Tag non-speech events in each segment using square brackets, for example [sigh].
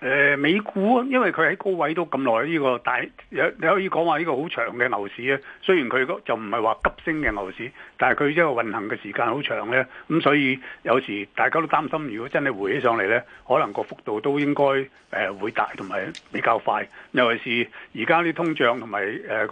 誒、呃、美股，因為佢喺高位都咁耐，呢、呢個大有你可以講話呢個好長嘅牛市咧。雖然佢就唔係話急升嘅牛市，但係佢一個運行嘅時間好長呢咁、嗯、所以有時大家都擔心，如果真係回起上嚟呢，可能個幅度都應該誒、呃、會大，同埋比較快。尤其是而家啲通脹同埋誒嗰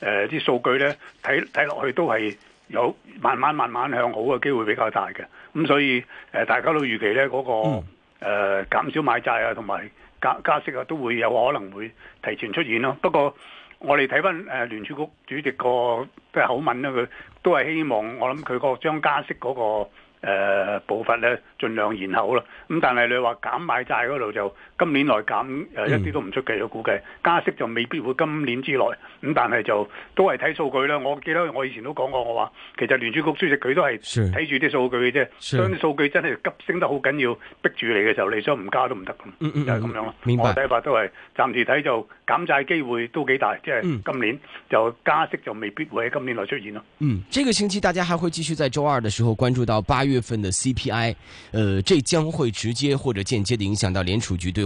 個啲數、呃、據呢，睇睇落去都係有慢慢慢慢向好嘅機會比較大嘅。咁、嗯、所以誒、呃、大家都預期呢嗰、那個。嗯誒、呃、減少買債啊，同埋加加息啊，都會有可能會提前出現咯、啊。不過我哋睇返誒聯儲局主席個口吻咧、啊，佢都係希望我諗佢、那個將加息嗰、那個、呃、步伐咧，盡量延後咯、啊。咁但係你話減買債嗰度就～今年內減誒、呃、一啲都唔出奇，我、嗯、估計加息就未必會今年之內。咁但係就都係睇數據啦。我記得我以前都講過，我話其實聯儲局主席佢都係睇住啲數據嘅啫。當啲數據真係急升得好緊要，逼住你嘅時候，你想唔加都唔得咁，就係、是、咁樣咯。嗯嗯、我睇法都係暫時睇就減債機會都幾大，即、就、係、是、今年、嗯、就加息就未必會喺今年內出現咯。嗯，這個星期大家還會繼續在週二嘅時候關注到八月份的 CPI，呃，這將會直接或者間接地影響到聯儲局對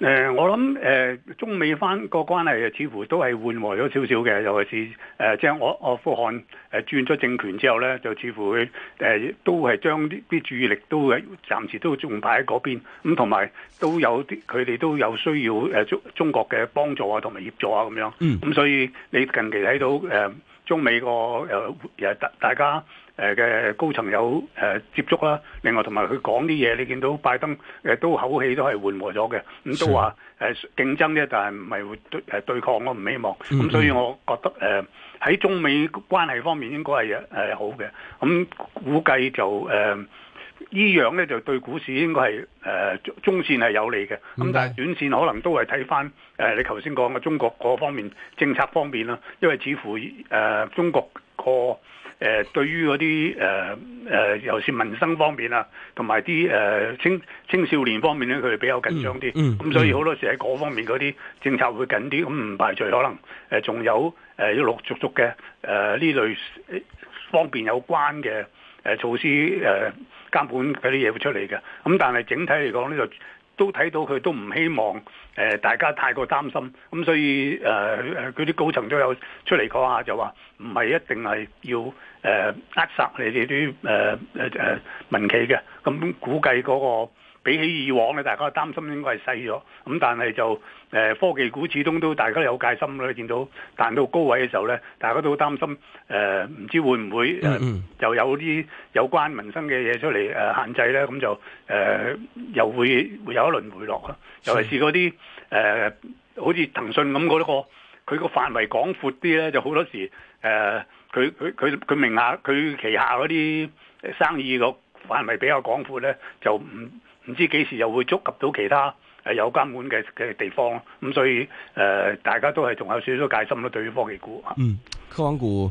誒、呃，我諗誒、呃，中美翻個關係似乎都係緩和咗少少嘅，尤其是誒、呃，即係我阿富汗誒、呃、轉咗政權之後咧，就似乎誒、呃、都係將啲啲注意力都暫時都仲擺喺嗰邊，咁同埋都有啲佢哋都有需要誒中、呃、中國嘅幫助啊，同埋協助啊咁樣。嗯，咁所以你近期睇到誒、呃、中美個誒誒大大家。誒嘅高層有誒、呃、接觸啦，另外同埋佢講啲嘢，你見到拜登誒、呃、都口氣都係緩和咗嘅，咁、嗯、都話誒、呃、競爭咧，但係唔係對誒、呃、對抗我唔希望，咁所以我覺得誒喺、呃、中美關係方面應該係誒、呃、好嘅，咁、嗯、估計就誒依、呃、樣咧就對股市應該係誒、呃、中線係有利嘅，咁、嗯、的但係短線可能都係睇翻誒你頭先講嘅中國嗰方面政策方面啦，因為似乎誒、呃、中國個。誒、呃、對於嗰啲誒誒，尤其是民生方面啊，同埋啲誒青青少年方面咧，佢哋比較緊張啲。咁、嗯嗯嗯、所以好多時喺嗰方面嗰啲政策會緊啲。咁唔排除可能誒仲、呃、有誒陸陸續續嘅誒呢類方面有關嘅誒、呃、措施誒、呃、監管嗰啲嘢會出嚟嘅。咁、嗯、但係整體嚟講呢就。這個都睇到佢都唔希望誒、呃、大家太過擔心，咁所以誒佢啲高層都有出嚟講下就，就話唔係一定係要誒扼、呃、殺你哋啲誒誒誒民企嘅，咁估計嗰、那個。比起以往咧，大家嘅擔心應該係細咗。咁但係就誒科技股始終都大家有戒心啦。見到彈到高位嘅時候咧，大家都好擔心誒，呃、唔知會唔會又、呃、有啲有關民生嘅嘢出嚟誒限制咧？咁就誒、呃、又會會有一輪回落咯。尤其是嗰啲誒好似騰訊咁嗰個，佢個範圍廣闊啲咧，就好多時誒佢佢佢佢名下佢旗下嗰啲生意個範圍比較廣闊咧，就唔。唔知幾時又會觸及到其他誒有監管嘅嘅地方，咁所以誒、呃、大家都係仲有少少戒心咯，對於科技股。嗯，科技股。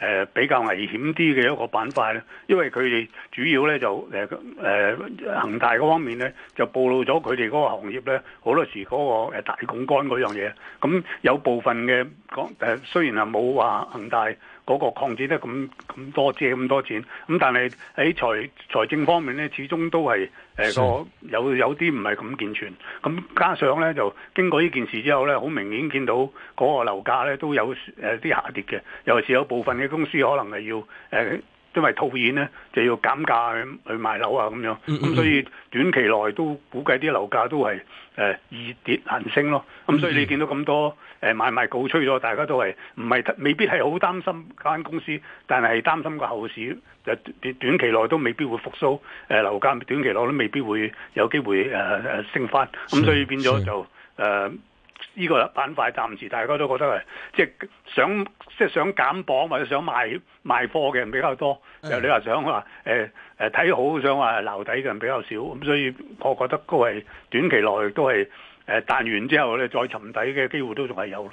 誒比較危險啲嘅一個板塊咧，因為佢哋主要咧就誒誒恒大嗰方面咧，就暴露咗佢哋嗰個行業咧好多時嗰個誒大槓桿嗰樣嘢。咁有部分嘅講誒，雖然係冇話恒大嗰個擴展得咁咁多借咁多錢，咁但係喺財，財政方面咧，始終都係。誒個、呃、有有啲唔係咁健全，咁加上咧就經過呢件事之後咧，好明顯見到嗰個樓價呢都有誒啲、呃、下跌嘅，尤其是有部分嘅公司可能係要誒。呃因為套現咧，就要減價咁去賣樓啊，咁樣咁，所以短期內都估計啲樓價都係誒、呃、易跌難升咯。咁所以你見到咁多誒、呃、買賣告吹咗，大家都係唔係未必係好擔心間公司，但係擔心個後市就短期內都未必會復甦，誒、呃、樓價短期內都未必會有機會誒誒、呃、升翻。咁所以變咗就誒。是的是的呃呢個板塊暫時大家都覺得係即係想即係想減磅，或者想賣賣貨嘅人比較多。又你話想話誒誒睇好，想話留底嘅人比較少。咁所以我覺得都係短期內都係誒彈完之後咧再沉底嘅機會都仲係有咯。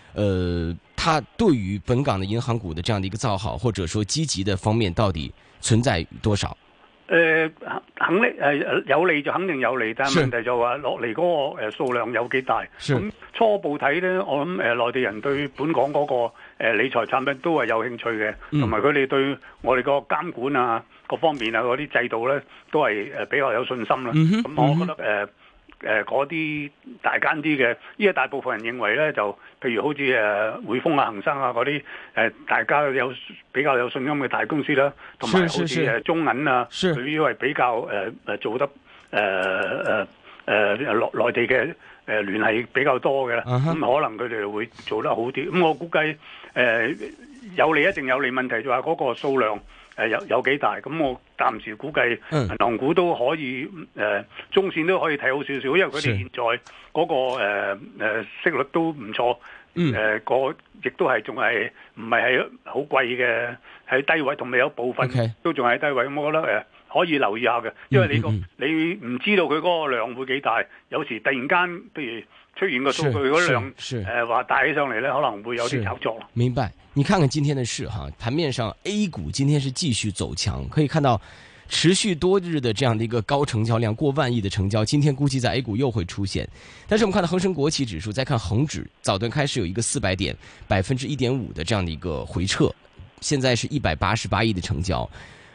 呃，佢對於本港的銀行股的這樣的一個造好，或者說積極的方面，到底存在於多少？誒、呃，肯定誒、呃、有利就肯定有利，但係問題就話落嚟嗰個誒數量有幾大？咁是初步睇呢，我諗誒、呃、內地人對本港嗰、那個誒、呃、理財產品都係有興趣嘅，同埋佢哋對我哋個監管啊各方面啊嗰啲制度呢，都係誒、呃、比較有信心啦。咁我覺得誒誒嗰啲大間啲嘅，因為大部分人認為呢就。譬如好似誒匯豐啊、恒、啊、生啊嗰啲誒，大家有比較有信心嘅大公司啦，同埋好似誒中銀啊，佢因為比較誒誒做得誒誒誒內內地嘅誒、啊、聯繫比較多嘅，咁、uh huh. 嗯、可能佢哋會做得好啲。咁、嗯、我估計誒、啊、有利一定有利，問題就係嗰個數量。誒、呃、有有幾大咁、嗯？我暫時估計銀行股都可以誒、呃、中線都可以睇好少少，因為佢哋現在嗰、那個誒 Sure.、呃、息率都唔錯，誒、mm. 呃、個亦都係仲係唔係係好貴嘅喺低位，同埋有部分都仲係低位，Okay. 我覺得、呃、可以留意下嘅，因為你個你唔知道佢嗰個量會幾大，有時突然間譬如。出現個數據嗰兩誒話帶起上嚟咧，可能會有啲炒作。明白，你看看今天的市，哈、啊，盤面上 A 股今天是繼續走強，可以看到持續多日的這樣的一個高成交量，過萬億的成交，今天估計在 A 股又會出現。但是我們看到恒生國企指數，再看恒指，早段開始有一個四百點、百分之一點五的這樣的一個回撤，現在是一百八十八億的成交。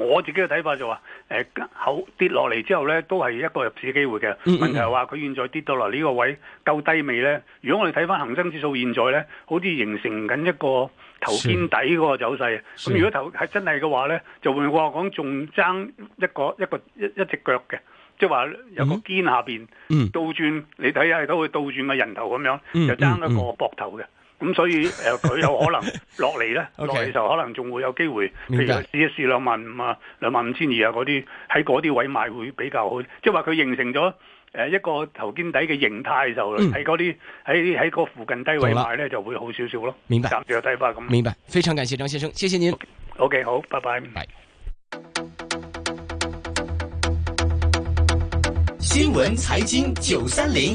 我自己嘅睇法就話、是，口、呃、跌落嚟之後咧，都係一個入市機會嘅。問題係話佢現在跌到落呢個位夠低未咧？如果我哋睇翻恆生指數現在咧，好似形成緊一個頭肩底嗰個走勢。咁的如果頭係真係嘅話咧，就會說話講仲爭一個一個一一隻腳嘅，即係話有個肩下面倒轉，嗯、你睇下都會倒轉個人頭咁樣，就爭一個膊頭嘅。嗯嗯嗯咁、 [laughs] 嗯、所以誒，佢、呃、有可能落嚟咧，落嚟 [laughs] Okay. 時候可能仲會有機會，白譬如試一試兩萬五啊，兩萬五千二啊嗰啲，喺嗰啲位買會比較好。即係話佢形成咗誒、呃、一個頭肩底嘅形態時候，喺嗰啲喺喺個附近低位買咧就會好少少咯。明白，暫時有啲咁。明白，非常感謝張先生，謝謝您。Okay. OK，好，拜拜。拜 Bye.。新聞財經九三零。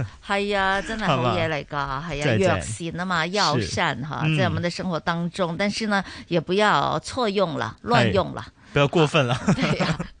係啊， [laughs] hey、ya, 真係好嘢嚟噶，係啊，藥膳啊嘛，藥膳吓。即係是我們的生活當中，嗯、但是呢，也不要錯用啦，亂用啦，hey, 不要過分啦。係啊、ah。 [laughs]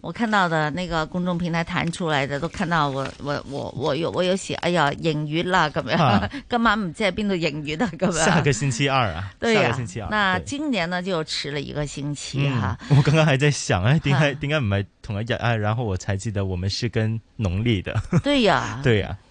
我看到的那個公眾平台彈出來的都看到我我我我有我有寫，哎呀盈月啦咁樣，今晚唔知喺邊度盈月啊咁樣。下個星期二啊，下個星期二。那今年呢對就遲了一個星期啊、嗯、我剛剛還在想、啊，哎，點解點解唔係同一日？ [noise] 然後我才記得我們是跟農曆的。對呀、啊， [laughs] 對呀、啊。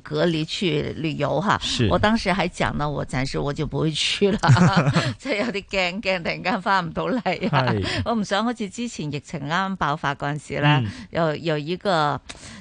隔離去旅遊哈，是我當時還講呢，我暫時我就不會去了，即係 [laughs] [laughs] 有啲驚驚，突然間翻唔到嚟啊！是我唔想好似之前疫情啱啱爆發嗰陣時咧，有有、嗯、個。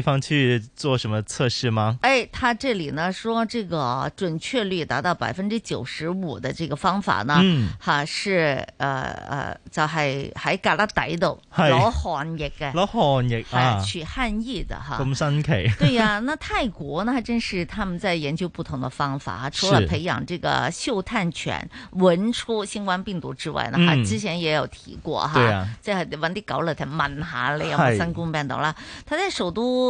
方去做什麼測試嗎？哎，他這裏呢說，這個準確率達到百分之九十五的這個方法呢，哈是呃呃，就係喺胳肋底度攞汗液嘅，攞汗液啊，取汗液啊，哈，咁新奇。對呀，那泰國呢真是他們在研究不同的方法啊，除了培養這個嗅探犬聞出新冠病毒之外呢，哈，之前也有提過哈，即係揾啲狗嚟嚟問下你有冇新冠病毒啦。他在首都。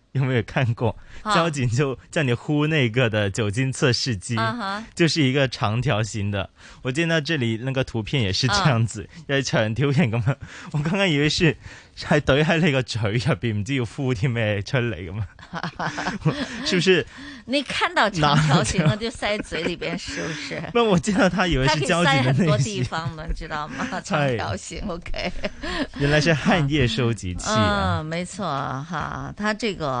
有沒有看過？交警就叫你呼那個的酒精測試機，啊、就是一個長條形的。我見到這裏那個圖片也是這樣子，又長條形咁樣。我剛剛以為是還懟喺那個嘴入邊，唔知要呼啲咩出嚟咁樣， [laughs] [laughs] 是不是？你看到長條形了，了就塞嘴裏邊，是不是？不， [laughs] 我見到他以為是交警的。他塞很多地方的，你知道嗎？長條形，哎，OK。原來是汗液收集器啊！啊嗯嗯嗯嗯、沒錯，哈、啊，他這個。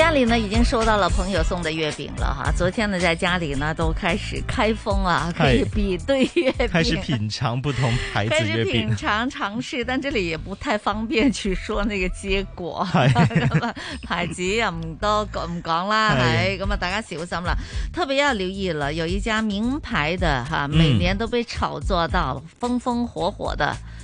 家裏呢已經收到了朋友送的月餅了哈，昨天呢在家裏呢都開始開封啊，可以比對月餅，開始品嘗不同牌子月餅，開始品嘗嘗試，但這裏也不太方便去說那個結果，牌子也唔多講唔講啦，係咁啊，大家小心啦，特別要留意了，有一家名牌的哈，每年都被炒作到風風火火的。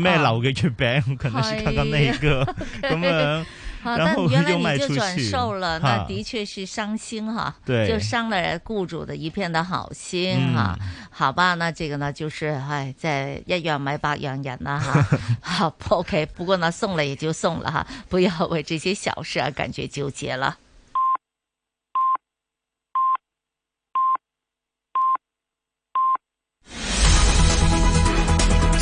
咩流嘅月餅，可能是佢、那個呢個咁樣，咁後邊就賣出去那就轉了那的確是傷心哈、啊，啊、就傷了雇主的一片的好心哈、啊。對好吧，那這個呢，就是唉，即係一樣米養百樣人啦。哈，養養啊啊 [laughs] 好，OK，不過呢，送了也就送了哈、啊，不要為這些小事而感覺糾結了。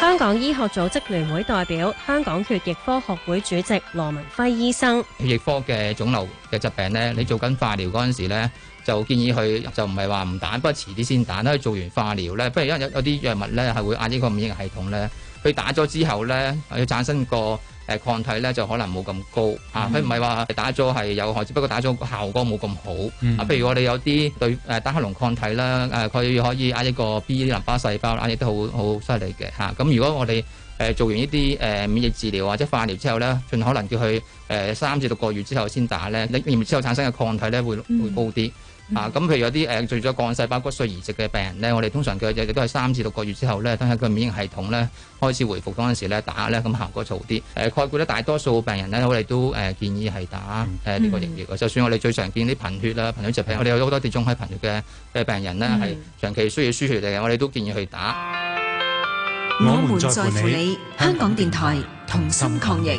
香港醫學組織聯會代表、香港血液科學會主席羅文輝醫生：血液科嘅腫瘤嘅疾病呢，你做緊化療嗰陣時呢，就建議佢就唔係話唔打，不過遲啲先打啦。做完化療呢，不如因為有有啲藥物呢係會壓呢個免疫系統呢，佢打咗之後呢，係要產生一個。誒抗體咧就可能冇咁高啊！佢唔係話打咗係有害，只不過打咗效果冇咁好啊。嗯、譬如我哋有啲對誒單克隆抗體啦，誒佢可以壓抑一個 B 淋巴細胞，壓抑亦都好好犀利嘅嚇。咁如果我哋誒做完一啲誒免疫治療或者化療之後咧，盡可能叫佢誒三至六個月之後先打咧，然之後產生嘅抗體咧會會高啲。嗯嗯、啊，咁譬如有啲誒，除咗幹細胞骨髓移植嘅病人咧，我哋通常嘅日日都係三至六個月之後咧，等佢個免疫系統咧開始回復嗰陣時咧打咧，咁效果嘈啲。誒、呃，概括咧大多數病人咧，我哋都誒、呃、建議係打誒呢個疫苗嘅。就算我哋最常見啲貧血啦、貧血疾、嗯、病輸血輸血，我哋有好多地中海貧血嘅嘅病人咧係長期需要輸血嚟嘅，我哋都建議去打。我們在乎你，香港電台同心抗疫。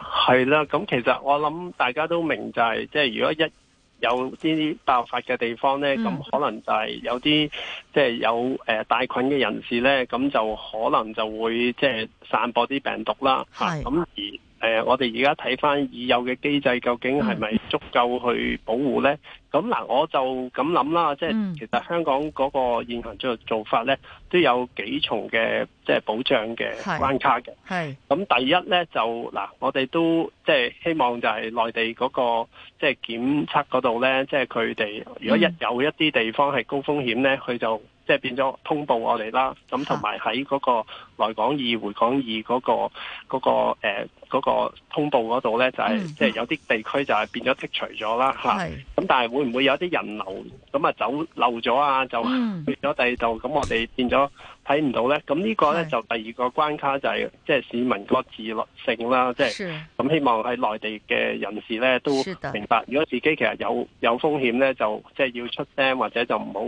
係啦，咁其實我諗大家都明就係、是，即係如果一有啲爆發嘅地方呢，咁、嗯、可能就係有啲即係有誒帶菌嘅人士呢，咁就可能就會即係散播啲病毒啦。係咁的而誒，我哋而家睇翻已有嘅機制，究竟係咪足夠去保護呢？咁嗱，我就咁諗啦，即係其實香港嗰個現行做做法咧，都有幾重嘅即係保障嘅關卡嘅。係。咁第一咧就嗱，我哋都即係希望就係內地嗰個即係檢測嗰度咧，即係佢哋如果一有一啲地方係高風險咧，佢、嗯、就即係變咗通報我哋啦。咁同埋喺嗰個來港二、回港二嗰個嗰個嗯欸嗰個通報嗰度咧，嗯、就係即係有啲地區就係變咗剔除咗啦吓，咁、啊、但係會。會唔會有啲人流咁啊走漏咗啊？就變咗第二度咁，我哋變咗。睇唔到咧，咁呢個咧的就第二個關卡就係即係市民個自律性啦，即係咁希望喺內地嘅人士咧都明白，的如果自己其實有有風險咧，就即係、就是、要出聲或者就唔好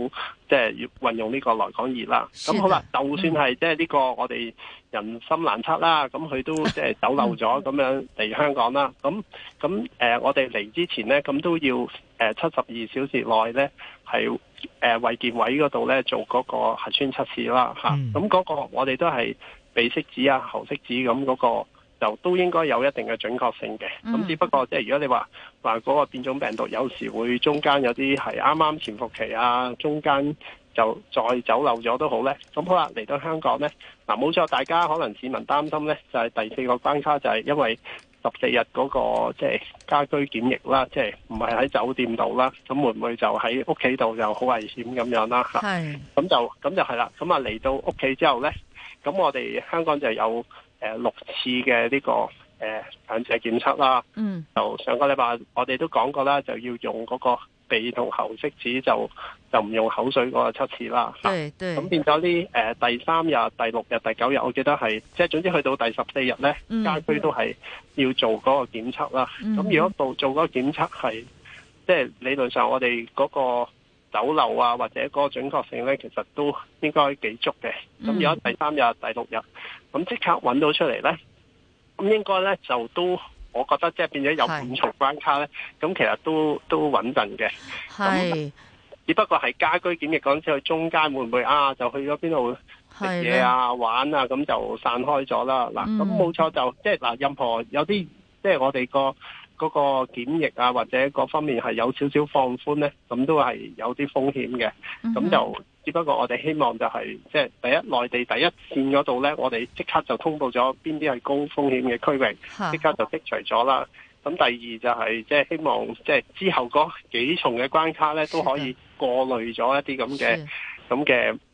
即係運用呢個來港易啦。咁的好啦，就算係即係呢個我哋人心難測啦，咁佢的都即係、就是、走漏咗咁 [laughs] 樣嚟香港啦。咁咁、呃、我哋嚟之前咧，咁都要誒七十二小時內咧係。誒衛、呃、健委嗰度咧做嗰個核酸測試啦，咁嗰、嗯啊那個我哋都係鼻拭子啊、喉拭子咁嗰、那個就都應該有一定嘅準確性嘅。咁只不過即係如果你話話嗰個變種病毒有時會中間有啲係啱啱潛伏期啊，中間就再走漏咗都好咧。咁好啦，嚟到香港咧嗱，冇、啊、錯，大家可能市民擔心咧，就係、是、第四個關卡就係因為。十四日嗰個即係、就是、家居檢疫啦，即係唔係喺酒店度啦，咁會唔會就喺屋企度就好危險咁樣啦？嚇是，咁就咁就係啦。咁啊嚟到屋企之後呢，咁我哋香港就有誒、呃、六次嘅呢、這個誒樣嘅檢測啦。嗯，就上個禮拜我哋都講過啦，就要用嗰、那個。鼻同喉拭子就就唔用口水嗰個測試啦，嚇咁變咗呢誒第三日、第六日、第九日，我記得係即係總之去到第十四日咧，嗯、對家居都係要做嗰個檢測啦。咁、嗯、如果到做嗰個檢測係，嗯、即係理論上我哋嗰個酒樓啊或者嗰個準確性咧，其實都應該幾足嘅。咁、嗯、如果第三日、第六日，咁即刻揾到出嚟咧，咁應該咧就都。我覺得即係變咗有五重關卡咧，咁是其實都都穩陣嘅。係是，只不過係家居檢疫嗰陣時，去中間會唔會啊，就去咗邊度食嘢啊、的玩啊，咁就散開咗啦。嗱、嗯，咁冇錯就即係嗱，任何有啲即係我哋、個嗰、個檢疫啊，或者各方面係有少少放寬咧，咁都係有啲風險嘅，咁、嗯、哼就。只不過我哋希望就係，即係第一內地第一線嗰度呢，我哋即刻就通報咗邊啲係高風險嘅區域，即刻就剔除咗啦。咁第二就係即係希望，即係之後嗰幾重嘅關卡呢，都可以過濾咗一啲咁嘅咁嘅。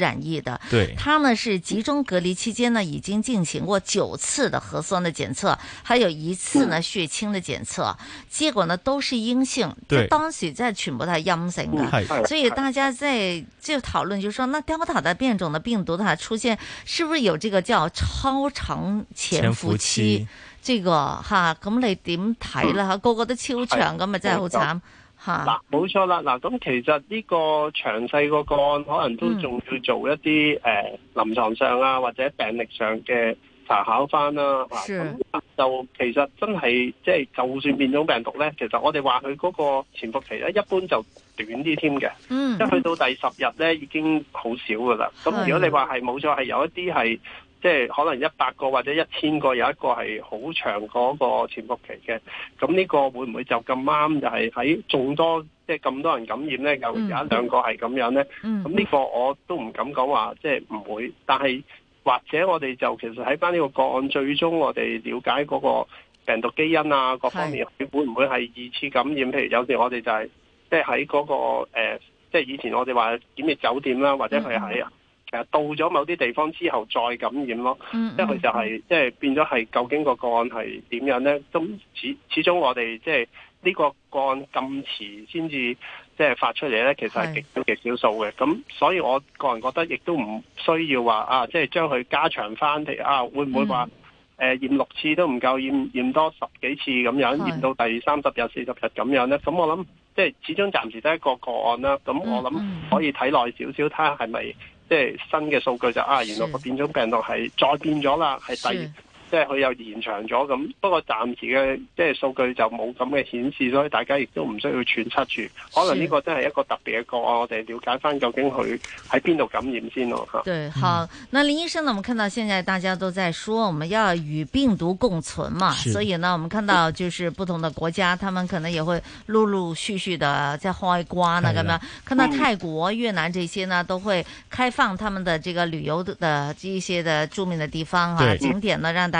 染疫的，對，他呢是集中隔離期間呢，已經進行過九次的核酸的檢測，還有一次呢血清的檢測，結果呢都是陰性。對，當時在全部都係陰性啊，對所以大家在就討論就是說，就說那德爾塔的變種的病毒它出現是不是有這個叫超長潛伏期？伏期這個哈，咁你點睇啦？哈，個個都超長，咁咪真係好慘。嗱，冇、 [noise] 啊、錯啦，嗱、啊，咁其實呢個詳細個案，可能都仲要做一啲誒、呃、臨床上啊，或者病歷上嘅查考翻啦、啊，咁、啊 Sure. 啊、就其實真係即係就算變種病毒咧，其實我哋話佢嗰個潛伏期咧，一般就短啲添嘅，即係、mm hmm. 去到第十日咧已經好少噶啦，咁如果你話係冇錯，係有一啲係。即係可能一百個或者一千個有一個係好長嗰個潛伏期嘅，咁呢個會唔會就咁啱就係喺眾多即係咁多人感染咧，有有一兩個係咁樣咧？咁呢、嗯嗯、個我都唔敢講話，即係唔會。但係或者我哋就其實喺翻呢個個案最終，我哋了解嗰個病毒基因啊各方面，佢是會唔會係二次感染？譬如有時我哋就係、嗰個呃、即係喺嗰個即係以前我哋話檢疫酒店啦，或者佢喺。嗯嗯到咗某啲地方之後再感染咯、mm，即係佢就係即係變咗係究竟個個案係點樣呢？咁始始終我哋即係呢個個案咁遲先至即係發出嚟呢，其實係極少極少數嘅。咁是所以我個人覺得亦都唔需要話啊，即、就、係、是、將佢加長翻，譬如啊，會唔會話誒、mm hmm. 呃、驗六次都唔夠，驗驗多十幾次咁樣，mm hmm. 驗到第三十日、四十日咁樣呢？咁我諗即係始終暫時都一個個案啦。咁我諗可以睇耐少少，睇下係咪。即係新嘅數據就，就啊，原來個變種病毒係再變咗啦，係第二。即係佢又延長咗咁，不過暫時嘅即係數據就冇咁嘅顯示，所以大家亦都唔需要揣測住。可能呢個真係一個特別嘅個案，我哋了解翻究竟佢喺邊度感染先咯。對，好。那林醫生呢？我們看到現在大家都在說，我們要與病毒共存嘛。是所以呢，我們看到就是不同的國家，他們可能也會陸陸續續的在開關呢，咁樣了。看到泰國、嗯、越南這些呢，都會開放他們的這個旅遊的的一些的著名的地方啊對景點呢，讓大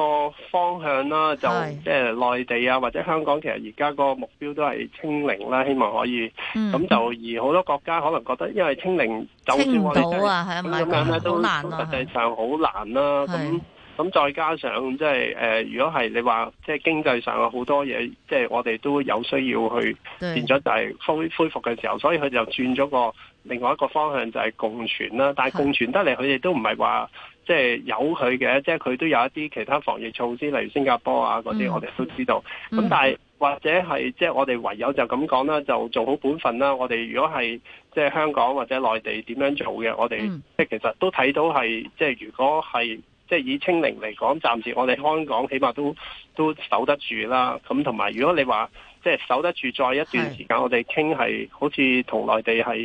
個方向啦，就即係內地啊，或者香港，其實而家個目標都係清零啦，希望可以。咁就、嗯、而好多國家可能覺得，因為清零清就算我走唔到啊，係咪都實際上好難啦。咁咁的再加上即係誒，如果係你話即係經濟上有好多嘢，即、就、係、是、我哋都有需要去對變咗，就係恢恢復嘅時候，所以佢就轉咗個另外一個方向，就係、是、共存啦。但係共存得嚟，佢哋的都唔係話。即係有佢嘅，即係佢都有一啲其他防疫措施，例如新加坡啊嗰啲，mm. 我哋都知道。咁、mm. 但係或者係即係我哋唯有就咁講啦，就做好本分啦。我哋如果係即係香港或者內地點樣做嘅，我哋即係其實都睇到係即係如果係即係以清零嚟講，暫時我哋香港起碼都都守得住啦。咁同埋如果你話即係守得住再一段時間，是我哋傾係好似同內地係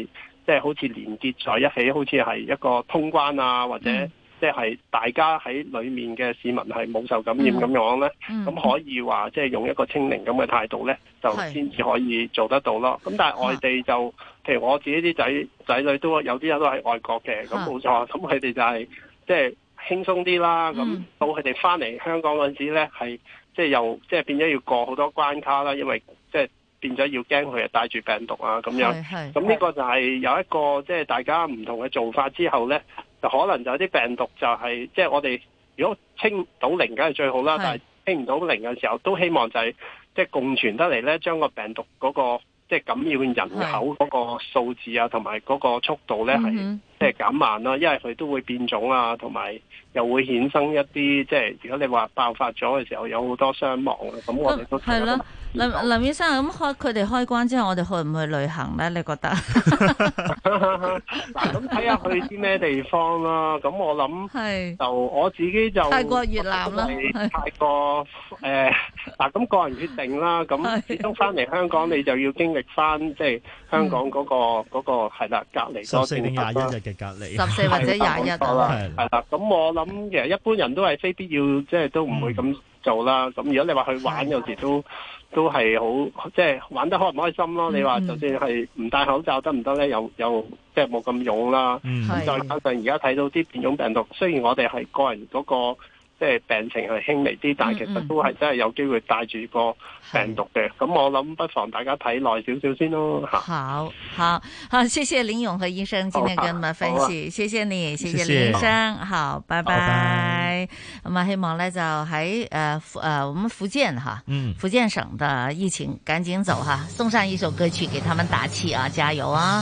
即係好似連結在一起，好似係一個通關啊，或者。即係大家喺裏面嘅市民係冇受感染咁樣咧，咁、嗯嗯、可以話即係用一個清零咁嘅態度咧，就先至可以做得到咯。咁是但係外地就，啊、譬如我自己啲仔仔女都有啲人都喺外國嘅，咁冇錯。咁佢哋就係即係輕鬆啲啦。咁、就是嗯、到佢哋翻嚟香港嗰陣時咧，係即係又即係、就是、變咗要過好多關卡啦，因為即係變咗要驚佢帶住病毒啊咁、嗯、樣。咁呢個就係有一個即係、就是、大家唔同嘅做法之後咧。可能就有啲病毒就係即係我哋如果清到零，梗係最好啦。是但係清唔到零嘅時候，都希望就係即係共存得嚟咧，將個病毒嗰、嗰個即係、就是、感染人口嗰個數字啊，同埋嗰個速度咧係。是即係減慢啦，因為佢都會變種啊，同埋又會衍生一啲即係，如果你話爆發咗嘅時候有好多傷亡，咁我哋都係啦。林林醫生，咁開佢哋開關之後，我哋去唔去旅行咧？你覺得？嗱，咁睇下去啲咩地方啦。咁我諗就我自己就泰國越南啦，泰國誒，嗱，咁個人決定啦。咁始終翻嚟香港，你就要經歷翻即係香港嗰個、嗰個係啦，隔離十四點廿一日嘅。十四或者廿一日，係啦。咁我諗其實一般人都係非必要，即係都唔會咁做啦。咁如果你話去玩，有時都都係好，即係玩得開唔開心咯。你話就算係唔戴口罩得唔得咧？又又即係冇咁勇啦。再加上而家睇到啲變種病毒，雖然我哋係個人嗰個。即係病情係輕微啲，但係其實都係真係有機會帶住個病毒嘅。咁、嗯嗯、我諗不妨大家睇耐少少先咯，好，好，好，謝謝林勇和醫生，今天跟我們分析，啊啊、謝謝你，謝謝林謝醫生，好，拜拜。咁啊，拜拜，拜拜，希望咧就喺誒，誒、呃呃，我們福建哈，嗯，福建省的疫情趕緊走哈，送上一首歌曲給他們打氣啊，加油啊！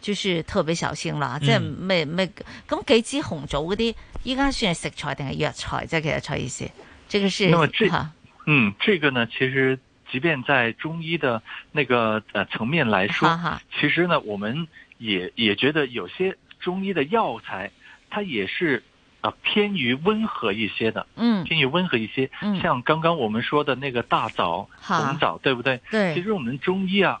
就是特別小心啦，嗯、即係咩咩咁幾支紅棗嗰啲，依家算係食材定係藥材？即係其實蔡醫師，就是這個是嗯，這個呢，其實即便在中醫的那個呃層面來說，哈，哈，其實呢，我們也也覺得有些中醫的藥材，它也是啊、呃、偏於溫和一些的，嗯，偏於溫和一些，嗯、像剛剛我們說的那個大棗、紅棗哈，對不對？對，其實我們中醫啊。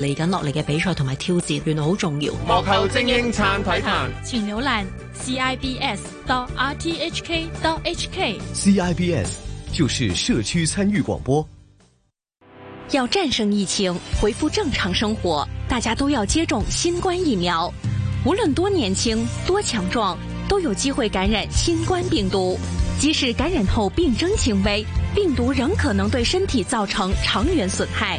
嚟緊落嚟嘅比賽同埋挑戰，原來好重要。幕後精英撐體壇，請瀏覽 C I B S 到 R T H K 到 H K。C I B S BS，就是社區參與廣播。要戰勝疫情，恢復正常生活，大家都要接種新冠疫苗。無論多年輕、多強壯，都有機會感染新冠病毒。 [noise] 即使感染後病徵輕微，病毒仍可能對身體造成長遠損害。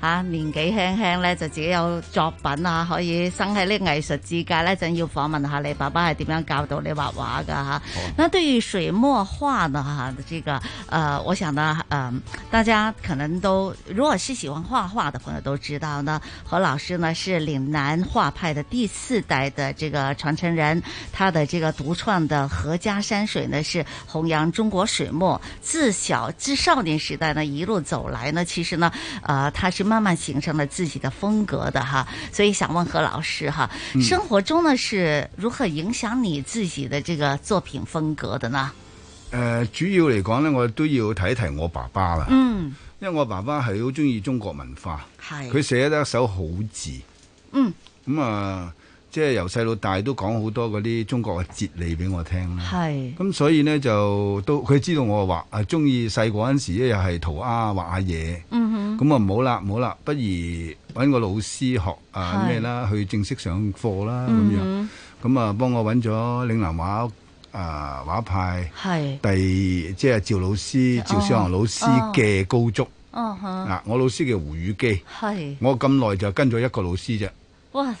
啊，年紀輕輕咧就自己有作品啊，可以生喺呢藝術之界咧，真要訪問下你爸爸係點樣教導你畫畫噶吓。Oh. 那對於水墨畫呢嚇，這個呃我想呢，呃大家可能都如果是喜歡畫畫的朋友都知道呢，何老師呢是嶺南畫派的第四代的這個傳承人，他的這個獨創的何家山水呢是弘揚中國水墨。自小至少年時代呢一路走來呢，其實呢，呃他是。慢慢形成了自己的風格的哈，所以想問何老師哈，生活中呢是如何影響你自己的這個作品風格的呢？誒、嗯呃，主要嚟講呢，我都要提一提我爸爸啦。嗯，因為我爸爸係好中意中國文化，係是，佢寫得一手好字。嗯，咁啊、嗯。呃即係由細到大都講好多嗰啲中國嘅哲理俾我聽啦。係是。咁所以呢，就都佢知道我畫係中意細個嗰陣時又係塗鴉畫下嘢。嗯哼。咁啊唔好啦唔好啦，不如揾個老師學啊咩啦，是去正式上課啦咁、嗯、哼樣。咁啊幫我揾咗嶺南畫啊畫派。係是。第即係、就是、趙老師、趙少昂老師嘅高足。嗱、哦哦哦啊，我老師嘅胡宇基。係是。我咁耐就跟咗一個老師啫。哇！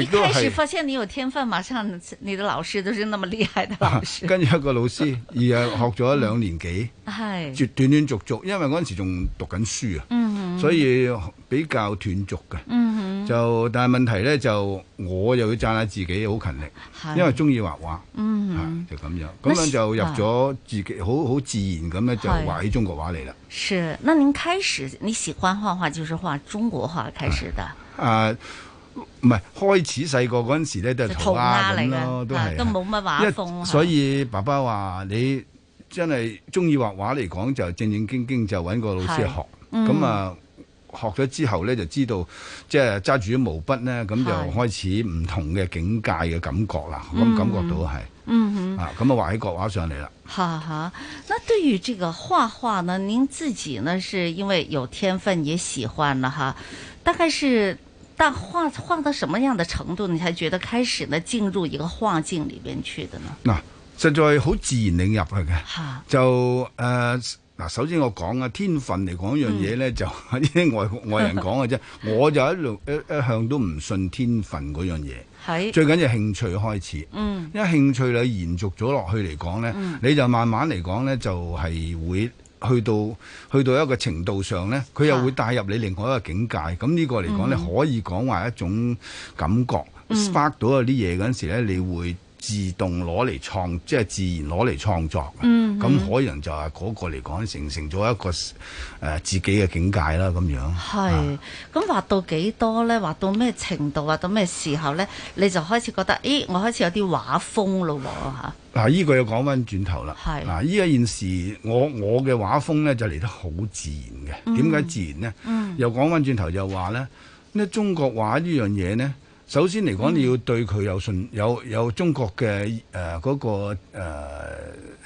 亦都開始發現你有天分，馬上你的老師都是那麼厲害的老師。跟住一個老師，而係學咗兩年幾，係，斷斷續續，因為嗰陣時仲讀緊書啊，所以比較斷續嘅。就但係問題呢就我又要讚下自己好勤力，因為中意畫畫，嗯，就咁樣，咁樣就入咗自己好好自然咁樣就畫起中國畫嚟啦。是，那您開始你喜歡畫畫，就是畫中國畫開始的啊。唔係開始細個嗰陣時咧、啊，同家都係塗鴉咁咯，都係、啊，都冇乜畫風。所以爸爸話你真係中意畫畫嚟講，就正正經經就揾個老師學。咁是啊，嗯、學咗之後咧，就知道即係揸住啲毛筆呢，咁就開始唔同嘅境界嘅感覺啦。咁、嗯、感覺到係，啊咁、嗯嗯、啊，那就畫在畫喺國畫上嚟啦。哈哈，那對於這個畫畫呢，您自己呢，是因為有天分也喜歡啦？哈，大概是。但畫畫到什麼樣的程度，你才覺得開始呢？進入一個畫境裏邊去嘅呢？嗱，實在好自然擰入去嘅，哈就誒，嗱、呃，首先我講啊，天分嚟講樣嘢咧，嗯、就啲外外人講嘅啫， [laughs] 我就一路一一向都唔信天分嗰樣嘢，係是最緊要是興趣開始，嗯，因為興趣咧延續咗落去嚟講咧，嗯、你就慢慢嚟講咧就係、是、會。去到去到一個程度上咧，佢又會帶入你另外一個境界。咁呢的個嚟講咧，嗯、你可以講話一種感覺 spark 到啊啲嘢陣時咧，你會。自動攞嚟創，即係自然攞嚟創作嘅。咁、嗯、哼可能就係嗰個嚟講，形成咗一個誒、呃、自己嘅境界啦。咁樣。係是。咁、啊、畫到幾多咧？畫到咩程度？畫到咩時候咧？你就開始覺得，咦、哎，我開始有啲畫風咯喎嚇。嗱，呢、啊這個又講翻轉頭啦。係是。嗱、啊，依一件事，我我嘅畫風咧就嚟得好自然嘅。點解、嗯、自然呢？嗯。又講翻轉頭，又話咧，呢中國畫呢樣嘢咧。首先嚟講，你要對佢有信，嗯、有有中國嘅誒嗰個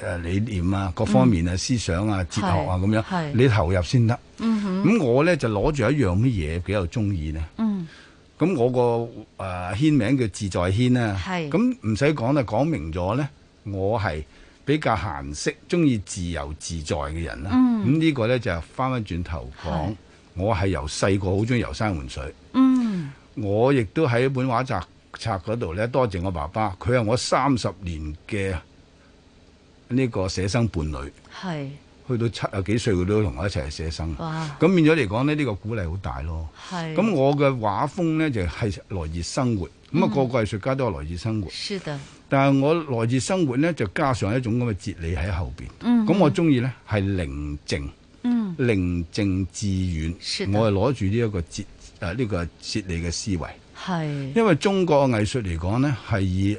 誒理念啊，各方面啊，嗯、思想啊，哲學啊咁是樣，是你投入先得。咁、嗯、哼我咧就攞住一樣乜嘢比較中意咧？咁、嗯、我個誒軒名叫自在軒咧。咁唔使講啦，講明咗咧，我係比較閒適，中意自由自在嘅人啦。咁、嗯、呢個咧就翻翻轉頭講，是我係由細個好中意遊山玩水。我亦都喺一本畫冊冊嗰度咧，多謝我爸爸，佢係我三十年嘅呢個寫生伴侶，係是去到七啊幾歲佢都同我一齊寫生。哇！咁變咗嚟講呢，呢、這個鼓勵好大咯。係咁是，那我嘅畫風咧就係、是、來自生活。咁啊、嗯，個個藝術家都係來自生活。是的。但係我來自生活咧，就加上一種咁嘅哲理喺後邊，是嗯。咁我中意咧係寧靜，嗯。寧靜致遠，的我係攞住呢一個哲。誒呢、啊，這個哲理嘅思維，係是因為中國藝術嚟講呢係以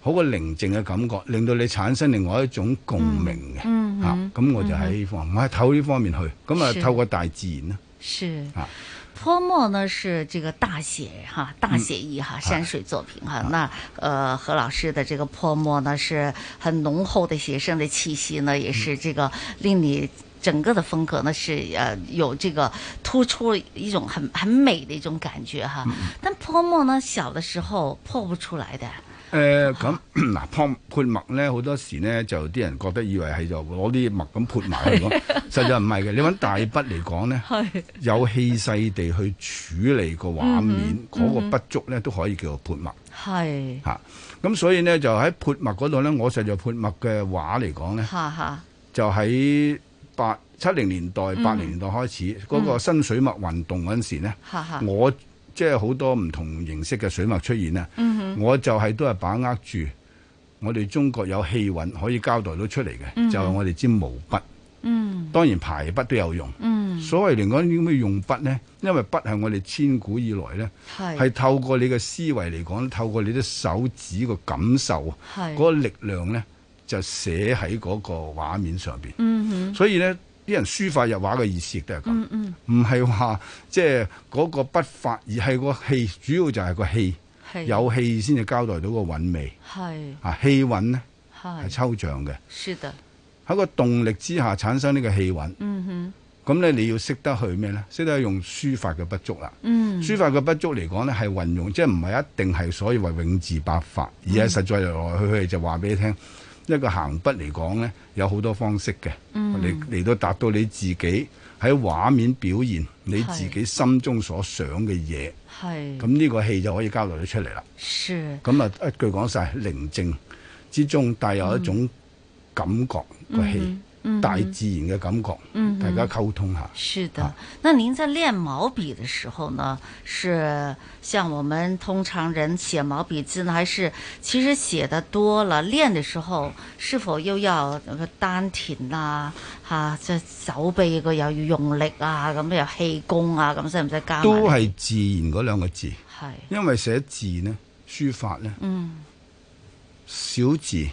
好個寧靜嘅感覺，令到你產生另外一種共鳴嘅嚇。咁我就喺呢方，唔係、嗯啊、透呢方面去，咁啊是透過大自然啦。是嚇，破墨呢，是這個大寫哈、啊、大寫意哈、啊、山水作品哈。嗯啊、那誒、呃、何老師的這個潑墨呢，是很濃厚的寫生的氣息呢，也是這個令你。整個的風格呢，是，誒、呃，有這個突出一種很很美的一種感覺哈。但潑墨呢，小的時候潑不出來的。誒、嗯，咁嗱潑潑墨好多時呢，就啲人覺得以為係就攞啲墨咁潑埋嚟講，是實際唔係嘅。 [laughs] 你搵大筆嚟講呢，是有氣勢地去處理個畫面，嗰、嗯嗯、個筆觸呢，都可以叫做潑墨。係是。吓、啊，咁、嗯、所以呢，就喺潑墨嗰度呢，我實際潑墨嘅畫嚟講呢，就喺。八七零年代、八零年代開始嗰、嗯、個新水墨運動嗰陣時咧，嗯嗯、我即係好多唔同形式嘅水墨出現呢、嗯、哼我就係都係把握住我哋中國有氣韻可以交代到出嚟嘅，嗯、哼就係我哋支毛筆。嗯，當然排筆都有用。嗯，所謂嚟講點樣用筆呢，因為筆係我哋千古以來呢，係的透過你嘅思維嚟講，透過你啲手指個感受，係嗰的個力量呢。就寫喺嗰個畫面上邊，嗯、哼所以咧啲人書法入畫嘅意思亦都係咁，唔係話即係嗰個筆法，而係個氣，主要就係個氣是有氣先至交代到個韻味，係是啊氣韻呢係是抽象嘅，係喺的個動力之下產生呢個氣韻，咁咧、嗯、哼你要識得去咩呢？識得用書法嘅筆觸啦，嗯、書法嘅筆觸嚟講呢，係運用，即係唔係一定係所謂永字八法，而係實在來來去去就話俾你聽。嗯一個行筆嚟講呢，有好多方式嘅，嚟嚟到達到你自己喺畫面表現你自己心中所想嘅嘢。係是。咁呢個戲就可以交流得出嚟啦。是。咁啊一句講晒：「寧靜」之中帶有一種感覺個戲。嗯嗯嗯大自然嘅感覺，嗯、哼大家溝通下。是的，啊、那您在練毛筆的時候呢，是像我們通常人寫毛筆字呢，還是其實寫得多了練的時候，是否又要丹田啊哈，即、啊、係手臂個又要用力啊，咁又氣功啊，咁使唔使加？都係自然嗰兩個字。係的，因為寫字呢，書法呢，嗯，小字。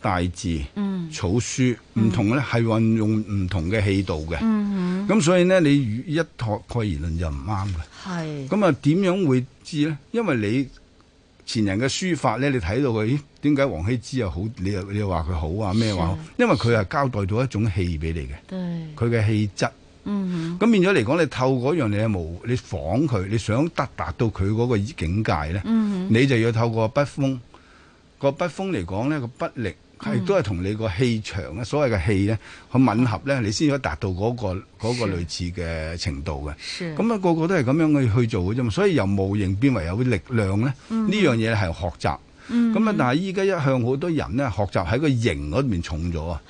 大字、嗯、草書唔同咧，係運、嗯、用唔同嘅氣度嘅。咁、嗯、哼所以呢，你一駁個言論就唔啱嘅。咁啊是，點樣會知呢？因為你前人嘅書法呢，你睇到佢，咦？點解王羲之又好？你又你又話佢好啊？咩話是？因為佢係交代到一種氣俾你嘅。佢嘅對氣質。咁、嗯、哼變咗嚟講，你透過樣嘢模，你仿佢，你想達達到佢嗰個境界呢，嗯、哼你就要透過筆鋒。個筆鋒嚟講呢，個筆，筆力。係都係同你個氣場啊，所謂嘅氣咧，去吻合咧，你先至可以達到嗰、那個嗰類似嘅程度嘅。咁啊是，個個都係咁樣去去做嘅啫嘛。所以由模形變為有力量咧，呢、嗯、哼樣嘢係學習。咁啊、嗯哼，但係依家一向好多人咧，學習喺個形嗰面重咗啊。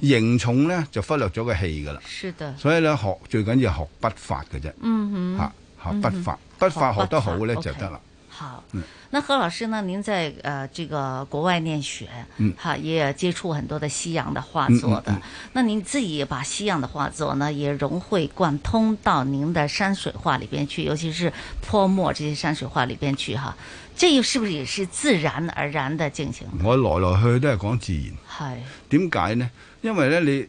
形是重咧就忽略咗個氣噶啦。是的所以咧學最緊要學筆法嘅啫。嚇、嗯哼，學筆法，筆法,筆法學得好咧就得啦。Okay 好，那何老師呢？您在呃這個國外念學，哈、嗯啊，也接觸很多的西洋的畫作的。嗯嗯嗯、那您自己也把西洋的畫作呢，也融會貫通到您的山水畫裏邊去，尤其是潑墨這些山水畫裏邊去，哈、啊，這又是不是也是自然而然的進行的？我來來去去都係講自然，係點解呢？因為呢，你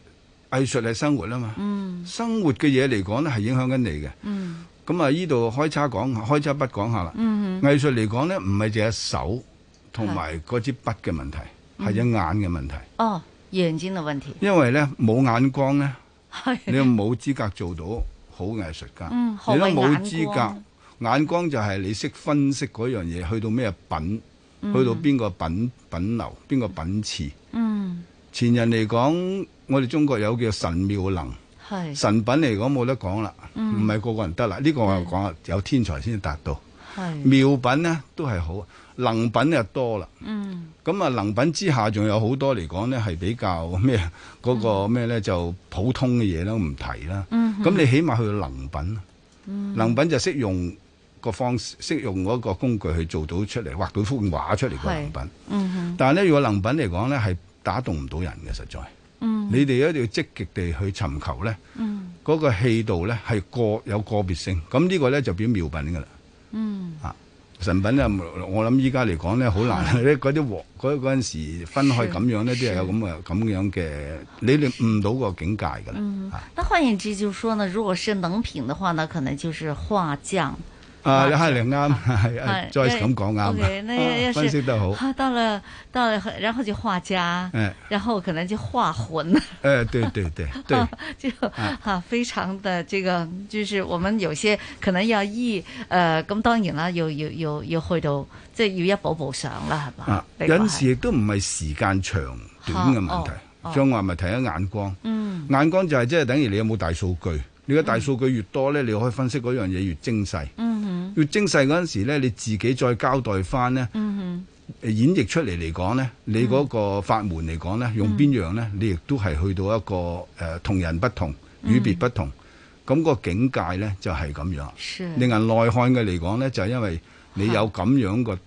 藝術係生活啊嘛，嗯，生活嘅嘢嚟講呢，係影響緊你嘅，嗯。咁啊！呢度開叉講，開叉筆講下啦。嗯、哼藝術嚟講咧，唔係淨係手同埋嗰支筆嘅問題，係隻、嗯、眼嘅問題。哦，眼睛嘅問題。因為咧，冇眼光咧，的你冇資格做到好藝術家。嗯、你都冇資格，眼光就係你識分析嗰樣嘢，去到咩品，嗯、去到邊個品品流，邊個品次。嗯。前人嚟講，我哋中國有叫神妙能。是神品嚟講冇得講啦，唔係、嗯、個個人得啦，呢、呢個我講啊，是有天才先至達到。係是妙品呢都係好，能品又多啦。嗯，咁啊能品之下仲有好多嚟講呢係比較咩嗰、嗰個咩呢？就普通嘅嘢啦，唔提啦。咁你起碼去到能品，嗯、能品就識用個方式，識用個工具去做到出嚟，畫到幅畫出嚟個能品。嗯、但係呢，如果能品嚟講呢，係打動唔到人嘅實在。嗯，你哋一定要積極地去尋求咧，嗰、嗯、個氣度咧係個有個別性，咁呢個咧就變妙品噶啦。嗯，啊神品咧，我諗依家嚟講咧好難，咧嗰啲鑊嗰陣時分開咁樣呢，都係有咁啊咁樣嘅是，你哋悟到個境界噶啦。嗯、啊，那換言之，就是說呢，如果是能品的話呢，那可能就是畫匠。啊，一係你啱，係再咁講啱，分析得好。到了到了，然後就畫家，然後可能就畫魂。誒，對對對對，就非常的這個，就是我們有些可能要藝，誒，咁當然啦，要要要要去到，即係要一步步上啦，係嘛？有陣時亦都唔係時間長短嘅問題，再話咪睇下眼光。嗯，眼光就係即係等於你有冇大數據。你嘅大數據越多呢，嗯、你可以分析嗰樣嘢越精細。嗯、哼越精細嗰陣時呢，你自己再交代翻呢、嗯哼呃，演繹出嚟嚟講呢，你嗰個法門嚟講呢，嗯、用邊樣呢？你亦都係去到一個誒、呃、同人不同，與別不同。咁、嗯、個境界呢，就係、是、咁樣。令是人耐看嘅嚟講呢，就係、是、因為你有咁樣個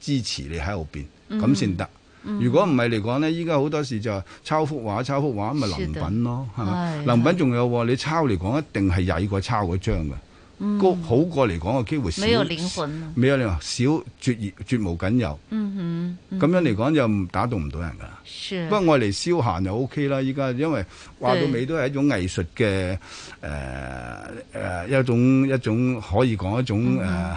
支持你在，你喺後邊咁先得。嗯、如果唔係嚟講咧，依家好多時就抄幅畫，抄幅畫咪臨品咯，係嘛？臨品仲有喎，你抄嚟講一定係曳過抄嗰張嘅，高、嗯、好過嚟講嘅機會少，冇靈魂，冇少，少，絕熱絕無僅有，嗯咁、嗯、樣嚟講就打動唔到人㗎。的不過我嚟消閒就 O、OK、K 啦，依家因為話到尾都係一種藝術嘅誒誒一種一種可以講一種誒。嗯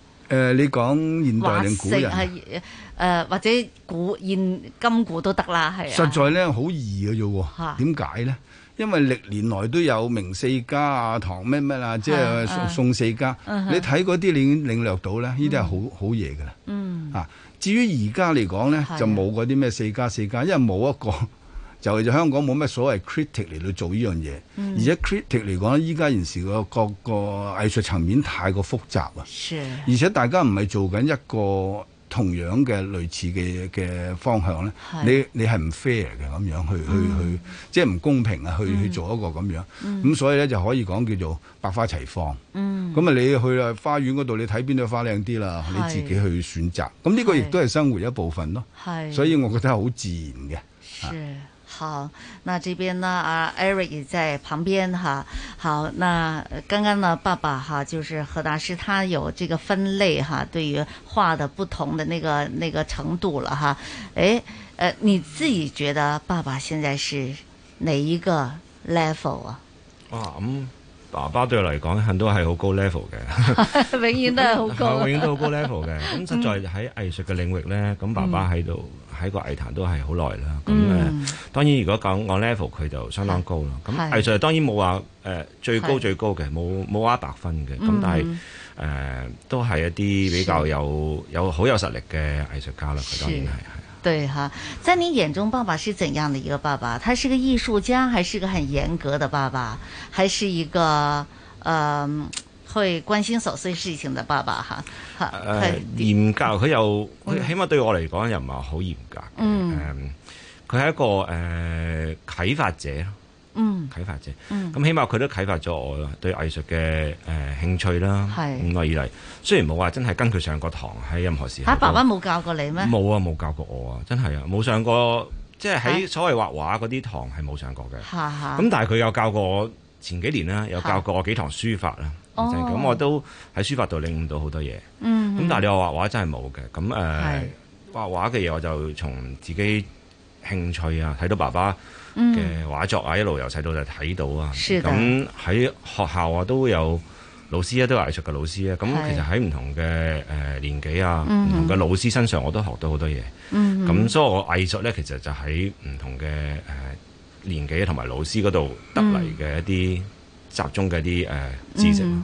誒、呃，你講現代定古人係、啊或，呃、或者古現今古都得啦，係啊！實在咧，好易㗎啫喎，點解咧？因為歷年來都有明四家啊、唐咩咩啊，即係宋四家，什麼什麼就是、你睇嗰啲，你已經領略到咧，呢啲係好好嘢㗎啦。嗯，嗯啊，至於而家嚟講咧，就冇嗰啲咩四家四家，因為冇一個。就係香港冇咩所謂 critic 嚟到做呢樣嘢，而且 critic 嚟講咧，依家現時個個個藝術層面太過複雜啊，而且大家唔係做緊一個同樣嘅類似嘅嘅方向咧，你你係唔 fair 嘅咁樣去去去，即係唔公平啊，去去做一個咁樣，咁所以咧就可以講叫做百花齊放，咁啊你去啊花園嗰度你睇邊度花靚啲啦，你自己去選擇，咁呢個亦都係生活一部分咯，所以我覺得係好自然嘅。好，那這邊呢？啊，Eric 也在旁邊哈、啊。好，那剛剛呢？爸爸哈、啊，就是何大師，他有這個分類哈、啊，對於畫的不同的那個那個程度了哈。誒、啊欸，呃，你自己覺得爸爸現在是哪一個 level 啊？啊，咁、嗯、爸爸對我嚟講，多係好高 level 嘅， [laughs] [laughs] 永遠都係好高的，永遠都好高 level 嘅。咁實在喺藝術嘅領域呢，咁爸爸喺度喺個藝壇都係好耐啦，咁誒、嗯呃、當然如果講按 level 佢就相當高咯，咁是藝術當然冇話誒最高最高嘅，冇冇一百分嘅，咁、嗯、但係誒、呃、都係一啲比較有是有好有實力嘅藝術家啦，佢當然係係啊。對嚇，在你眼中爸爸是怎樣的一個爸爸？他係個藝術家，還是個很嚴格的爸爸，還是一個嗯？呃去關心瑣碎事情嘅爸爸哈，誒、啊，嚴、啊、格佢又，起碼對我嚟講又唔係好嚴格，嗯，佢係、嗯、一個誒啟、呃、發者，嗯，啟發者，咁、嗯、起碼佢都啟發咗我對藝術嘅誒興趣啦，咁耐是以嚟雖然冇話真係跟佢上過堂喺任何時候。阿、啊、爸爸冇教過你咩？冇啊，冇教過我啊，真係啊，冇上過即係喺所謂畫畫嗰啲堂係冇上過嘅，咁、啊啊、但係佢有教過我前幾年啦、啊，有教過我幾堂書法啦、啊。啊咁、哦、我都喺書法度領悟到好多嘢，咁、嗯嗯、但係你話畫畫真係冇嘅，咁誒是、呃、畫畫嘅嘢我就從自己興趣啊，睇到爸爸嘅畫作啊，嗯、一路由細到就睇到啊，咁喺的學校啊都有老師、啊、都有藝術嘅老師咧、啊，咁其實喺唔同嘅誒年紀啊，唔是同嘅老師身上我都學到好多嘢，咁、嗯、所以我藝術咧其實就喺唔同嘅誒年紀同埋老師嗰度得嚟嘅一啲、嗯。嗯集中嘅啲誒知識、嗯。